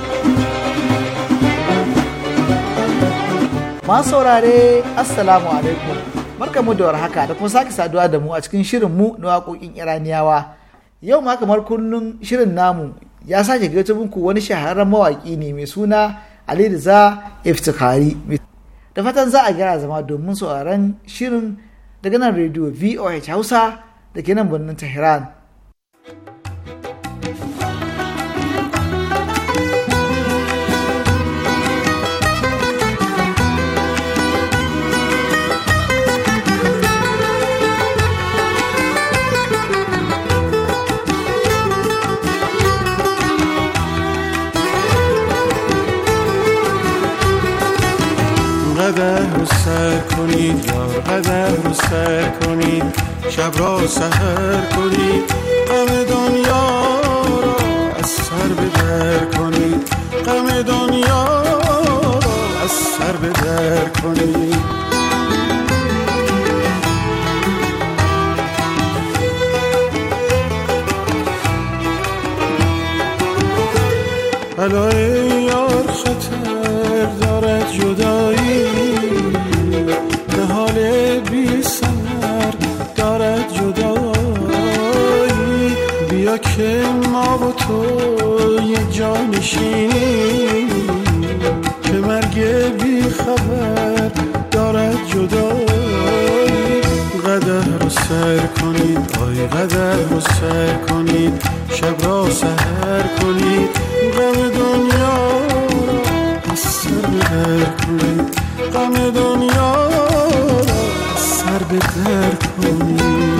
masu saurare assalamu alaikum barkamu da warhaka da kuma sake saduwa da mu a cikin shirin mu na waƙoƙin iraniyawa yau ma kamar kullun shirin namu ya sake gaito muku wani shahararren mawaƙi ne mai suna aliriza riza iftikhari da fatan za a gyara zama domin sauraron shirin daga nan rediyo voh hausa da ke nan birnin tehran قدر رو سر کنید یا قدر رو سر کنید شب را سهر کنید غم دنیا را از سر در کنید غم دنیا را از سر در کنید Hello. جدایی به حال بی سر دارد جدایی بیا که ما و تو یه جا نشینیم که مرگ بی خبر دارد جدایی قدر رو سر کنید آی قدر رو سر کنید شب را سهر کنید غم دنیا سر بدر کنی غم دنیا را سر به در کنی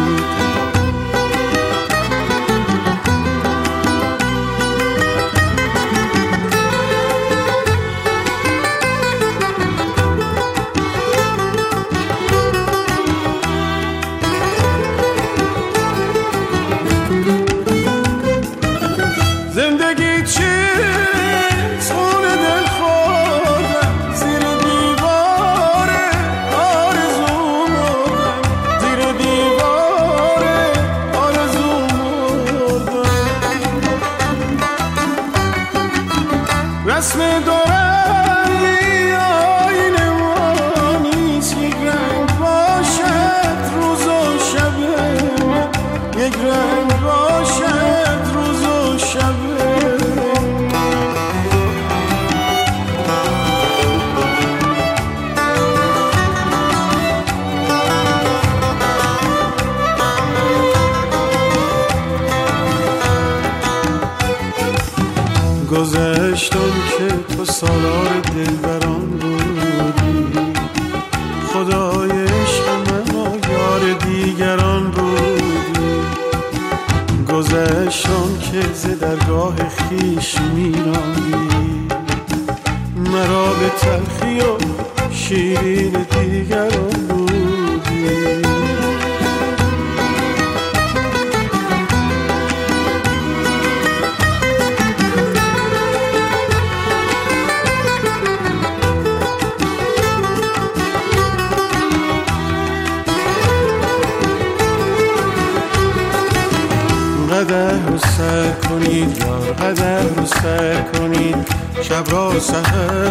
ز درگاه خیش میرانی مرا به تلخی و شیرین sahar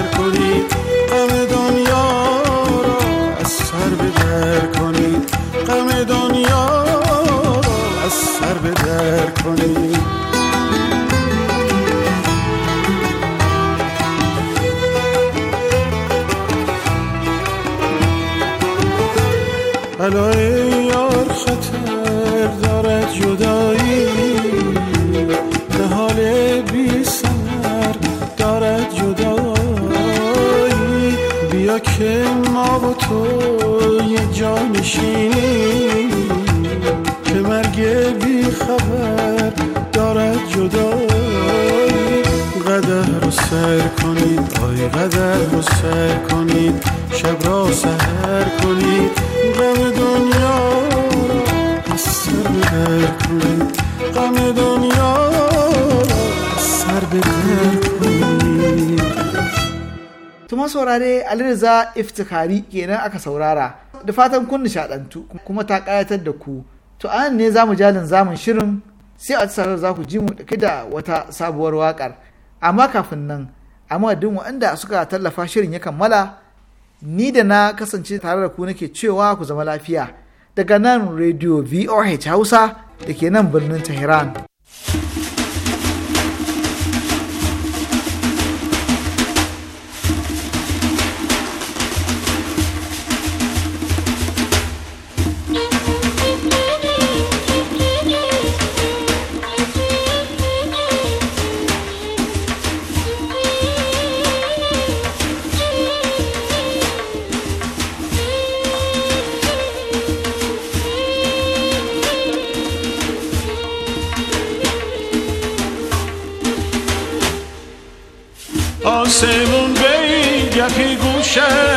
Mirza Iftikhari kenan aka saurara. Da fatan kun nishaɗantu kuma ta kayatar da ku. To an ne zamu jalin zamun shirin sai a tsara za ku ji mu da da wata sabuwar wakar Amma kafin nan, amma duk waɗanda suka tallafa shirin ya kammala, ni da na kasance tare da ku nake cewa ku zama lafiya. Daga nan Radio VOH Hausa da ke nan birnin Tehran.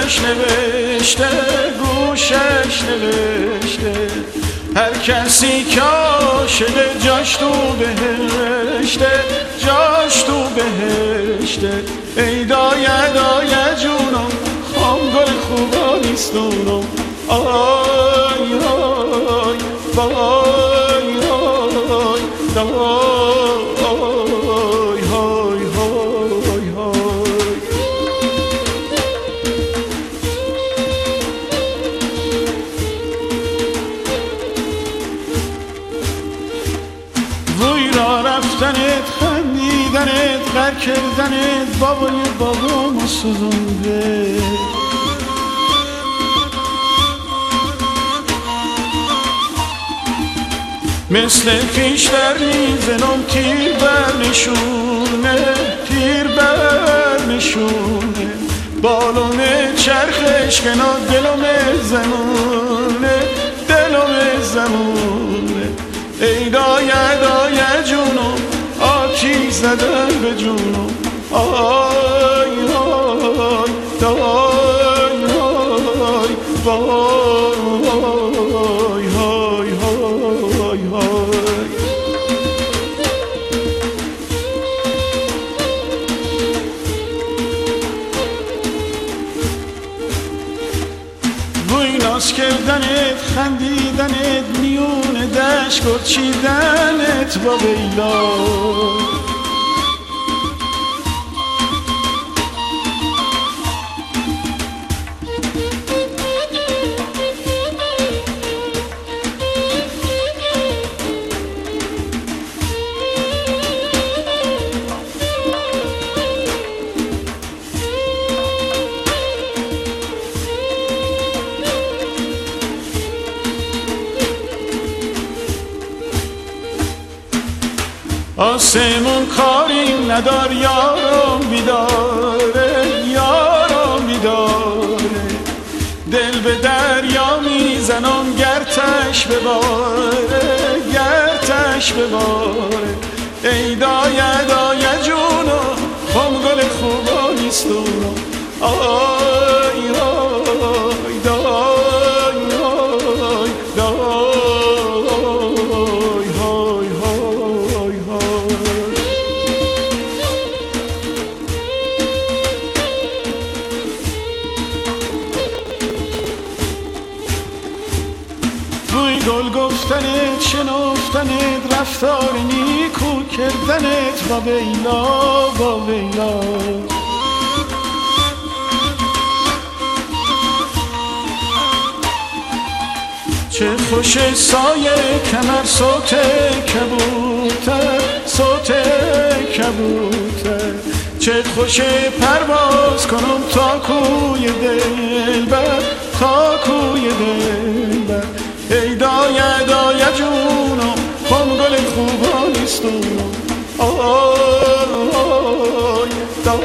گوشش نوشته گوشش نوشته هر کسی که جاش تو بهشته جاش تو بهشته ای دای دای جونم خام گل خوبا نیستونم آی آی بر کردن بابای بابام سزنده مثل پیشتر میزنم تیر بر نشونه تیر بر نشونه بالون چرخش کنار دلم زمونه دلم زمونه ای دایه دایه جونم زده به جونم آی آی دای آی وای ناز کردنت خندیدنت میون دشت چیدنت با بیلاد آسمون کاری ندار یارم بیداره یارم بیداره دل به دریا میزنم گرتش بباره گرتش بباره ای دای دای جونم خم گل خوبا آی کردنت با بینا با بینا چه خوش سایه کمر صوت کبوتر صوت کبوتر چه خوش پرواز کنم تا کوی دل بر تا کوی دل بر ای دایه دایه جونم خم گل بیستون آی دای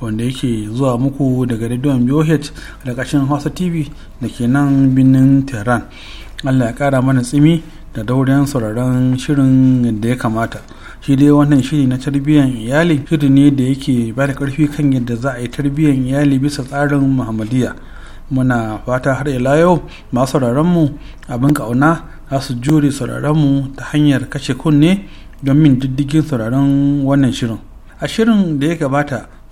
wanda yake zuwa muku daga rediyon BOH da kashin Hausa TV da ke nan birnin Tehran. Allah ya kara mana tsimi da daurin sauraron shirin da ya kamata. Shi dai wannan shiri na tarbiyyar iyali shiri ne da yake ba da karfi kan yadda za a yi tarbiyyar iyali bisa tsarin Muhammadiyya. Muna fata har ila yau sauraron mu abin kauna za su jure mu ta hanyar kashe kunne don min diddigin sauraron wannan shirin. a shirin da ya gabata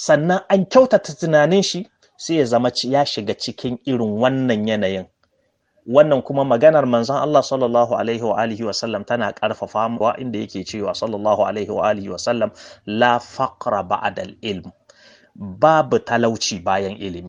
sannan an kyautata tunanin shi sai ya zama ya shiga cikin irin wannan yanayin wannan kuma maganar manzon Allah sallallahu alaihi wa alihi wa sallam tana karfafa wa inda yake cewa sallallahu alaihi wa alihi wa sallam la faqra ba'da ilm babu talauci bayan ilimi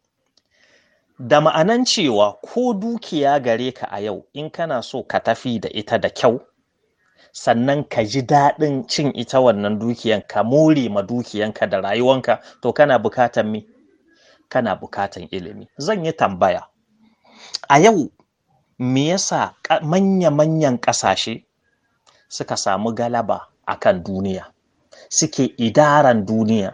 da ma'anan cewa ko dukiya gare ka a yau in kana so ka tafi da ita da kyau sannan ka ji daɗin cin ita wannan dukiyan ka more ma dukiyanka da rayuwanka to kana bukatan me kana bukatan ilimi zan yi tambaya a yau me yasa manya-manyan ƙasashe suka samu galaba akan duniya suke idaran duniya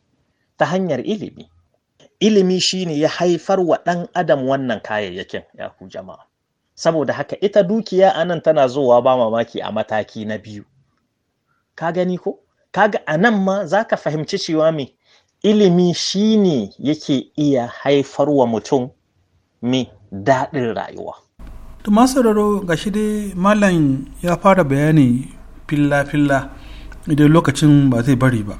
ta hanyar ilimi ilimi shine ya haifar wa ɗan adam wannan kayayyakin ya ku jama'a saboda haka ita dukiya a nan tana zuwa ba mamaki a mataki na biyu ka gani ko kaga a nan ma za ka fahimci cewa me ilimi ne yake iya haifar wa mutum me daɗin rayuwa to masu ga shi dai malam ya fara bayani filla-filla idan lokacin ba zai bari ba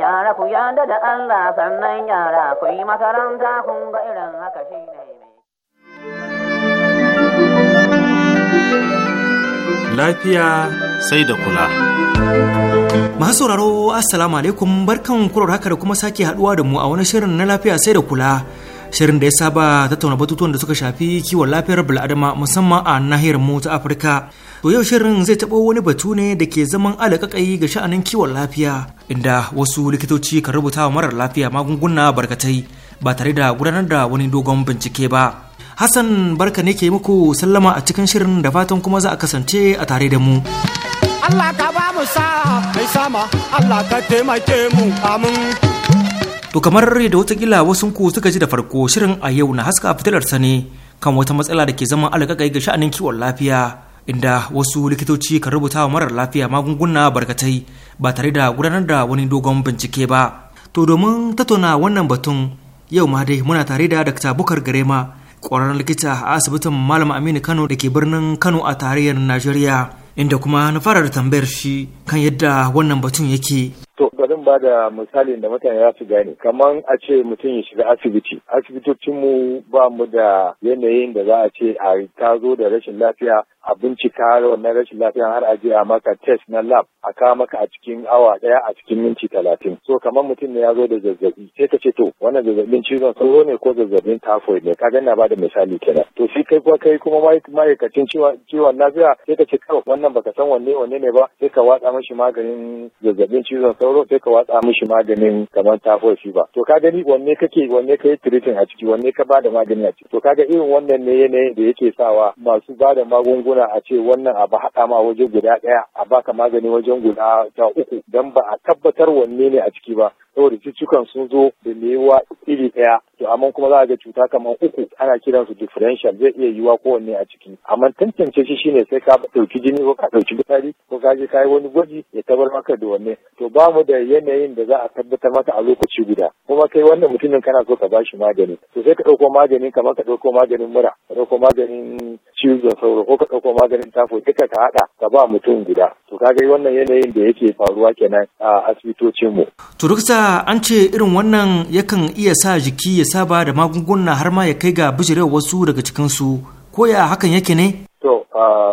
Yara ku yada da Allah sannan yara ku yi makaranta kun ga irin haka shi ne. Lafiya sai da kula. Masu sauraro Assalamu alaikum barkan kurar haka da kuma sake haduwa da mu a wani shirin na lafiya sai da kula. shirin da ya saba tattauna batutuwan da suka shafi kiwon lafiyar bil'adama musamman a nahiyar mu ta afirka to yau shirin zai taɓo wani batu ne da ke zaman alaƙaƙai ga sha'anin kiwon lafiya inda wasu likitoci kan rubuta wa marar lafiya magunguna barkatai ba tare da gudanar da wani dogon bincike ba hassan barka ne ke muku sallama a cikin shirin da fatan kuma za a kasance a tare da mu Allah ka ba mu sa mai sama Allah ka taimake mu amin To kamar da watakila wasu ku suka ji da farko shirin a yau na haska fitilar sani kan wata matsala da ke zama alaƙaƙai ga sha'anin kiwon lafiya inda wasu likitoci kan rubuta wa marar lafiya magunguna barkatai ba tare da gudanar da wani dogon bincike ba. To domin tattauna wannan batun yau ma dai muna tare da Dr. Bukar Garema ƙwararren likita a asibitin Malam Aminu Kano da ke birnin Kano a tarayyar Najeriya inda kuma na fara da tambayar shi kan yadda wannan batun yake. ba da misalin da mutane za su gane kamar a ce mutum ya shiga asibiti asibitocinmu ba mu da yanayin da za a ce a ta zo da rashin lafiya a bincika wannan rashin lafiya har a je a maka test na lab a kawo maka a cikin awa daya a cikin minti talatin so kamar mutum ne ya zo da zazzabi sai ka ce to wannan zazzabin cizon sauro ne ko zazzabin typhoid ne kaga na bada misali kenan to shi kai kuma kai kuma ma'aikacin ciwon lafiya sai ka ce kawai wannan baka san wanne wanne ne ba sai ka watsa mishi maganin zazzabin cizon sauro sai ka watsa mishi maganin kamar typhoid ba. to ka gani wanne kake wanne kai treating a ciki wanne ka bada magani a ciki to kaga irin wannan ne yanayin da yake sawa masu bada magunguna magunguna a ce wannan abu haɗa ma waje guda ɗaya a baka magani wajen guda ta uku don ba a tabbatar wanne ne a ciki ba saboda cututtukan sun zo da mewa iri ɗaya to amma kuma za a ga cuta kamar uku ana kiran su differential zai iya yiwa kowanne a ciki amma tantance shi shine sai ka ɗauki jini ko ka ɗauki fitsari ko ka je kai wani gwaji ya tabar maka da wanne to ba mu da yanayin da za a tabbatar maka a lokaci guda kuma kai wannan mutumin kana so ka ba shi magani to sai ka ɗauko magani kamar ka ɗauko maganin mura ka ɗauko maganin cizon sauro ko ka ɗauko maganin tafo duka ka haɗa ka ba mutum guda to kaga wannan yanayin da yake faruwa kenan a asibitocin mu. to an ce irin wannan yakan iya sa jiki ya saba da magunguna har ma ya kai ga bijirewa wasu daga cikinsu ko ya hakan yake ne? To, ah,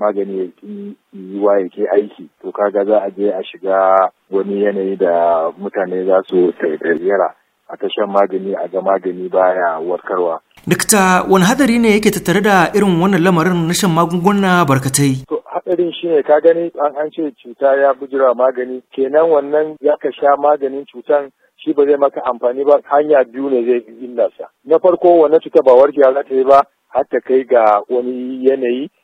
magani ya yi wa ya aiki to kaga za a je a shiga wani yanayi da mutane za su tarayyara a tashan magani a ga magani baya warkarwa. Dikta wani hadari ne yake tattare da irin wannan lamarin na shan magunguna barkatai? To hadarin shine ka gani an an ce cuta ya bujira magani kenan wannan ya ka sha maganin cutan shi ba zai maka amfani ba hanya biyu ne zai illa sa. Na farko wannan cuta ba warkewa za ta yi ba har ta kai ga wani yanayi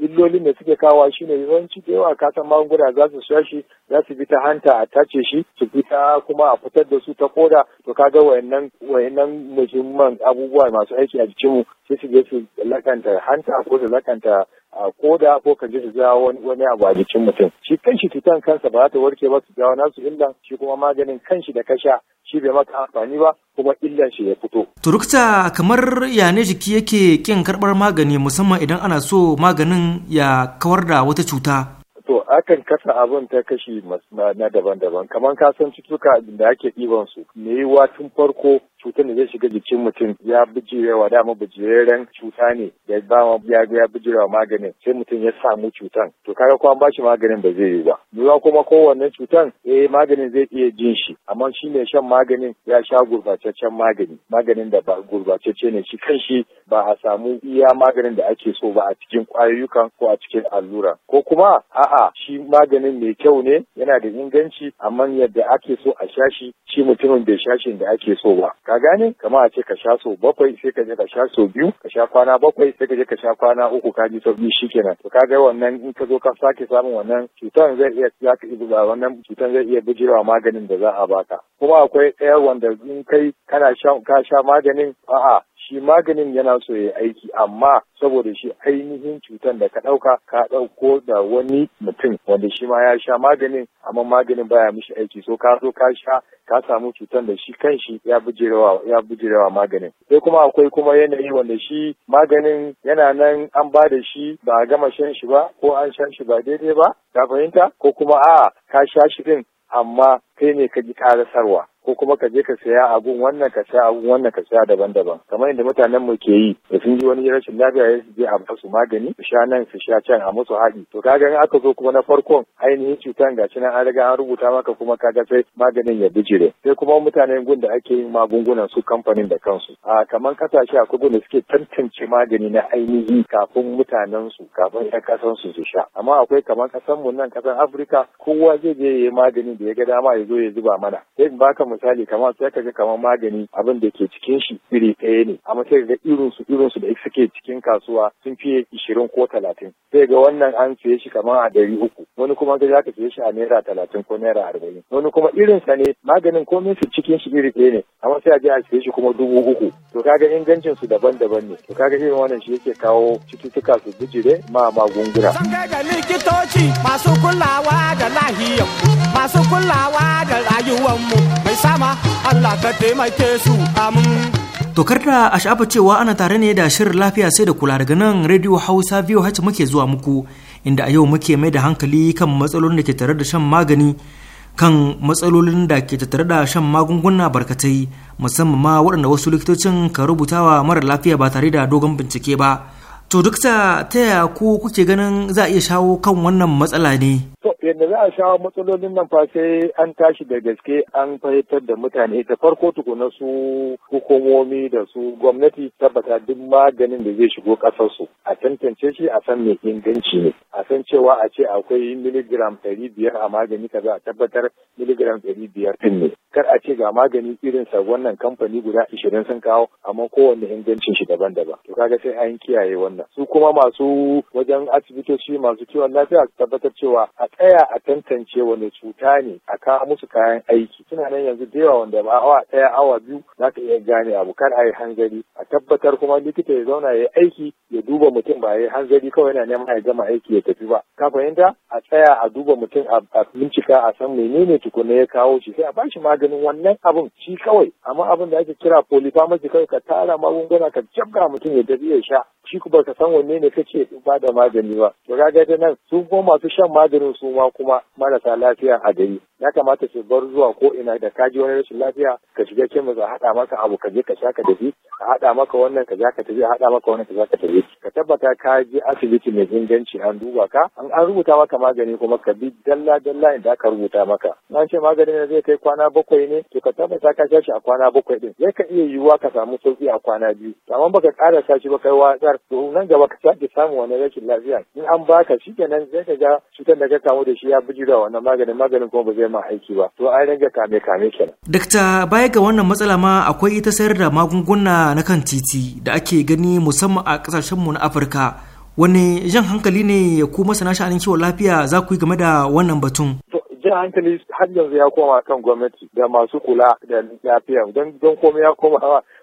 illolin da suke kawo shi shine yawanci da yawa kasan magunguna za su sha shi za su bi ta hanta a tace shi su bi fita kuma a fitar da su ta koda to kaga wayannan wayannan muhimman abubuwa masu aiki a jikinmu sai su je su lakanta hanta ko su lakanta a koda ko ka ji su jawo wani abu a jikin mutum shi kanshi cutan kansa ba za ta warke ba su jawo nasu illan shi kuma maganin kanshi da kasha shi bai maka amfani ba kuma illan shi ya fito. turukta kamar yane jiki yake kin karbar magani musamman idan ana so maganin mutum ya kawar da wata cuta to akan kasa abin ta kashi na daban-daban kamar kasan cutuka da ake ɗiban su me yi tun farko cutar da zai shiga jikin mutum ya bijirewa dama bijiraren cuta ne da ba ya ya bijirewa maganin sai mutum ya samu cutan to kaga kuma ba bashi maganin ba zai yi ba duba kuma kowanne cutan eh maganin zai iya jin shi amma shi ne shan maganin ya sha gurbataccen magani maganin da ba gurbatacce ne shi kan shi ba a samu iya maganin da ake so ba a cikin kwayoyukan ko a cikin allura ko kuma a'a shi maganin mai kyau ne yana da inganci amma yadda ake so a sha shi shi mutumin bai sha shi da ake so ba ka gane kama a ce ka sha sau bakwai sai ka je ka sha sau biyu ka sha kwana bakwai sai ka je ka sha kwana uku ka ji shi shikenan to ka ga wannan in ka zo ka sake samun wannan cutar zai iya ya ka ibuza wannan cutar zai iya bijirewa maganin da za a baka kuma akwai ɗaya wanda in kai kana sha ka sha maganin a'a shi maganin yana so ya aiki amma saboda shi ainihin cutar da ka ɗauka ka ɗauko da wani mutum wanda shi ma ya sha maganin amma maganin baya mishi aiki so ka so ka sha ka samu cutar da shi kanshi ya bujirewa ya bujirewa maganin sai kuma akwai kuma yanayi wanda shi maganin yana nan an ba da shi ba a gama shan shi ba ko an sha shi ba daidai ba ka fahimta ko kuma a'a ka sha shi din amma kai ne ka ji karasarwa ko kuma ka je ka saya abun wannan ka saya abun wannan ka saya daban-daban kamar inda mutanen mu ke yi da sun ji wani rashin lafiya ya je a basu magani su sha nan su sha can a musu haɗi to kaga in aka zo kuma na farkon ainihin cutan ga nan an riga an rubuta maka kuma kaga sai maganin ya bijire sai kuma mutanen gun da ake yin magungunan su kamfanin da kansu a kamar kasashe akwai gun da suke tantance magani na ainihi kafin mutanen su kafin ƴan kasan su su sha amma akwai kamar kasan mu nan kasan Afirka kowa zai je ya yi magani da ya ga dama ya zo ya zuba mana sai baka misali kamar sai ka ga kamar magani abin da ke cikin shi iri ɗaya ne amma sai ga irin su irin su da suke cikin kasuwa sun fiye ishirin ko talatin sai ga wannan an siye shi kamar a dari uku wani kuma ga zaka siye shi a naira talatin ko naira arba'in wani kuma irin sa ne maganin komai su cikin shi iri ɗaya ne amma sai a je a siye shi kuma dubu uku to kaga ingancin su daban-daban ne to kaga irin wannan shi yake kawo cututtuka su bijire ma magunguna. likitoci masu kulawa da lahiyar masu kulawa da rayuwar mu mai sama Allah ka taimake su amin. Tokar da a sha'afa cewa ana tare ne da shirin lafiya sai da kula daga nan Radio Hausa VOH muke zuwa muku inda a yau muke mai da hankali kan matsalolin da ke tare da shan magani kan matsalolin da ke tattare da shan magunguna barkatai musamman ma waɗanda wasu likitocin ka rubutawa mara lafiya ba tare da dogon bincike ba. To duk ta taya ku kuke ganin za a iya shawo kan wannan matsala ne? To yadda za a shawo matsalolin nan fa sai an tashi da gaske an fahimtar da mutane ta farko tukuna su hukumomi da su gwamnati tabbata duk maganin da zai shigo ƙasarsu a tantance shi a san mai inganci ne a san cewa a ce akwai miligram ɗari biyar a magani kaza a tabbatar miligram ɗari biyar ɗin ne kar a ce ga magani irin sa wannan kamfani guda ishirin sun kawo amma kowanne ingancin shi daban-daban to kaga sai an kiyaye wannan su kuma masu wajen asibitoci masu kiwon lafiya tabbatar cewa a tsaya a tantance wani cuta ne a kawo musu kayan aiki suna nan yanzu da yawa wanda ba awa ɗaya awa biyu za ka iya gane abu kar a yi hanzari a tabbatar kuma likita ya zauna ya yi aiki ya duba mutum ba ya yi hanzari kawai yana neman a gama aiki ya tafi ba ka fahimta a tsaya a duba mutum a bincika a san menene tukunna ya kawo shi sai a bashi maganin wannan abun shi kawai amma abin da ake kira polypharmacy kawai ka tara magunguna ka jabga mutum ya tafi ya sha shi ku baka san wanne ne kake ba da magani ba to kaga ta nan su kuma masu shan maganin su ma kuma marasa lafiya a gari ya kamata su bar zuwa ko ina da kaji wani rashin lafiya ka shiga kemis a haɗa maka abu ka je ka sha ka tafi a haɗa maka wannan ka za ka tafi a haɗa maka wannan ka za ka tafi ka tabbata ka je asibiti mai inganci an duba ka an an rubuta maka magani kuma ka bi dalla dalla inda aka rubuta maka an ce maganin zai kai kwana bakwai ne to ka tabbata ka sha shi a kwana bakwai din zai ka iya yiwuwa ka samu sauki a kwana biyu amma baka ƙara sa shi ba kai watsar to nan gaba ka sake samu wani rashin lafiya in an baka shi kenan zai ka ga cutar da ka kamu da shi ya bijira wannan maganin maganin kuma ba zai ma aiki ba to an rage kame kame kenan dakta baya ga wannan matsala ma akwai ita sayar da magunguna na kan titi da ake gani musamman a kasashen mu na Afirka wani jan hankali ne ku masana sha'anin kiwon lafiya za ku yi game da wannan batun jan hankali har yanzu ya koma kan gwamnati da masu kula da lafiya don don komai ya koma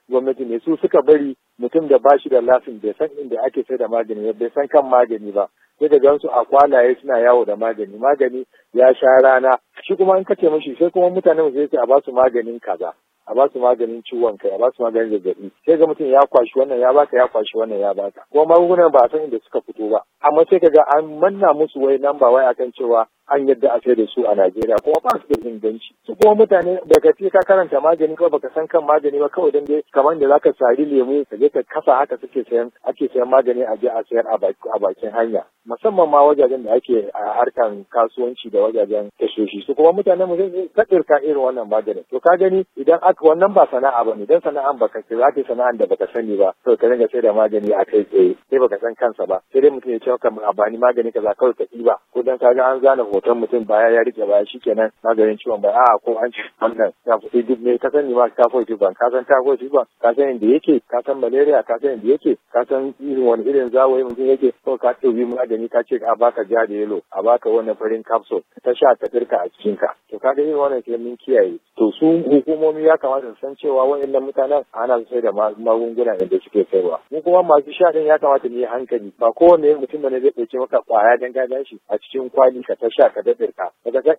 gwamnati ne su suka bari mutum da bashi da lafin bai san inda ake sai da magani bai san kan magani ba sai ka su a kwalaye suna yawo da magani magani ya sha rana shi kuma in kace mishi sai kuma mutanen sai ce a ba su maganin kaza a ba su maganin ciwon kai a ba su maganin zazzabi sai ga mutum ya kwashi wannan ya baka ya kwashi wannan ya baka kuma magungunan ba a san inda suka fito ba amma sai ka ga an manna musu wai nan ba wai akan cewa an yadda a sai da su a Najeriya kuma ba su da inganci su kuma mutane daga ce ka karanta magani kawai baka san kan magani ba kawai dan dai kamar da zaka sari lemu ka je ka kasa haka suke sayan ake sayan magani a je a sayar a bakin hanya musamman ma wajajen da ake a harkan kasuwanci da wajajen tashoshi su kuma mutane mu zai kadirka irin wannan maganin to ka gani idan aka wannan ba sana'a ba ne idan sana'an baka ce zaka sana'an da baka sani ba to ka dinga sai da magani a kai tsaye sai baka san kansa ba sai dai mutum ya ce kamar a magani kaza kawai ka ɗiba ko dan ga an zana hoton mutum baya ya rike baya shikenan maganin ciwon baya a ko an ci wannan ya fi duk ne ka ni ma typhoid ban ka san typhoid fever ka san inda yake ka san malaria ka san inda yake ka san irin wani irin zawayi mutum yake ko ka ɗauki magani ka ce a baka ja da yelo a baka wannan farin capsule ta sha ta firka a cikinka to ga irin wannan mun kiyaye to su hukumomi ya kamata su san cewa wa'annan mutanen ana sai da magunguna da suke kaiwa mu kuma masu sha din ya kamata mu yi hankali ba kowane mutum ne zai ɗauke maka kwaya dan ka shi a cikin kwali ka ta sha Allah ka daɗe ka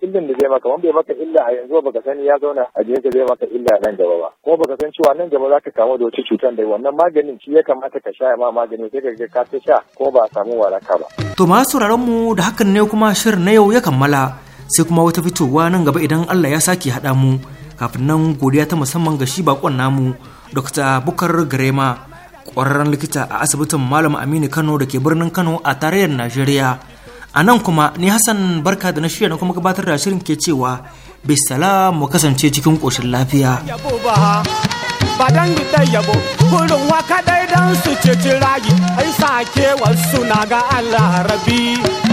san illin da zai maka wanda ya maka illa a yanzu baka sani ya zauna a jikin da zai maka illa nan gaba ba ko baka san cewa nan gaba za ka kamu da wata cutar da wannan maganin shi ya kamata ka sha ma maganin sai ka ka ta sha ko ba a samu waraka ba to ma sauraron mu da hakan ne kuma shirin na yau ya kammala sai kuma wata fitowa nan gaba idan Allah ya sake haɗa mu kafin nan godiya ta musamman ga shi bakon namu Dr. Bukar Garema ƙwararren likita a asibitin Malam Aminu Kano da ke birnin Kano a tarayyar Najeriya a nan kuma ni hassan barka da na shirya na kuma gabatar da shirin ke cewa bisala mu kasance cikin ƙoshin lafiya ba dan da yabo gurin waka dai dan su ci rayu ai sake wasu na ga Allah rabi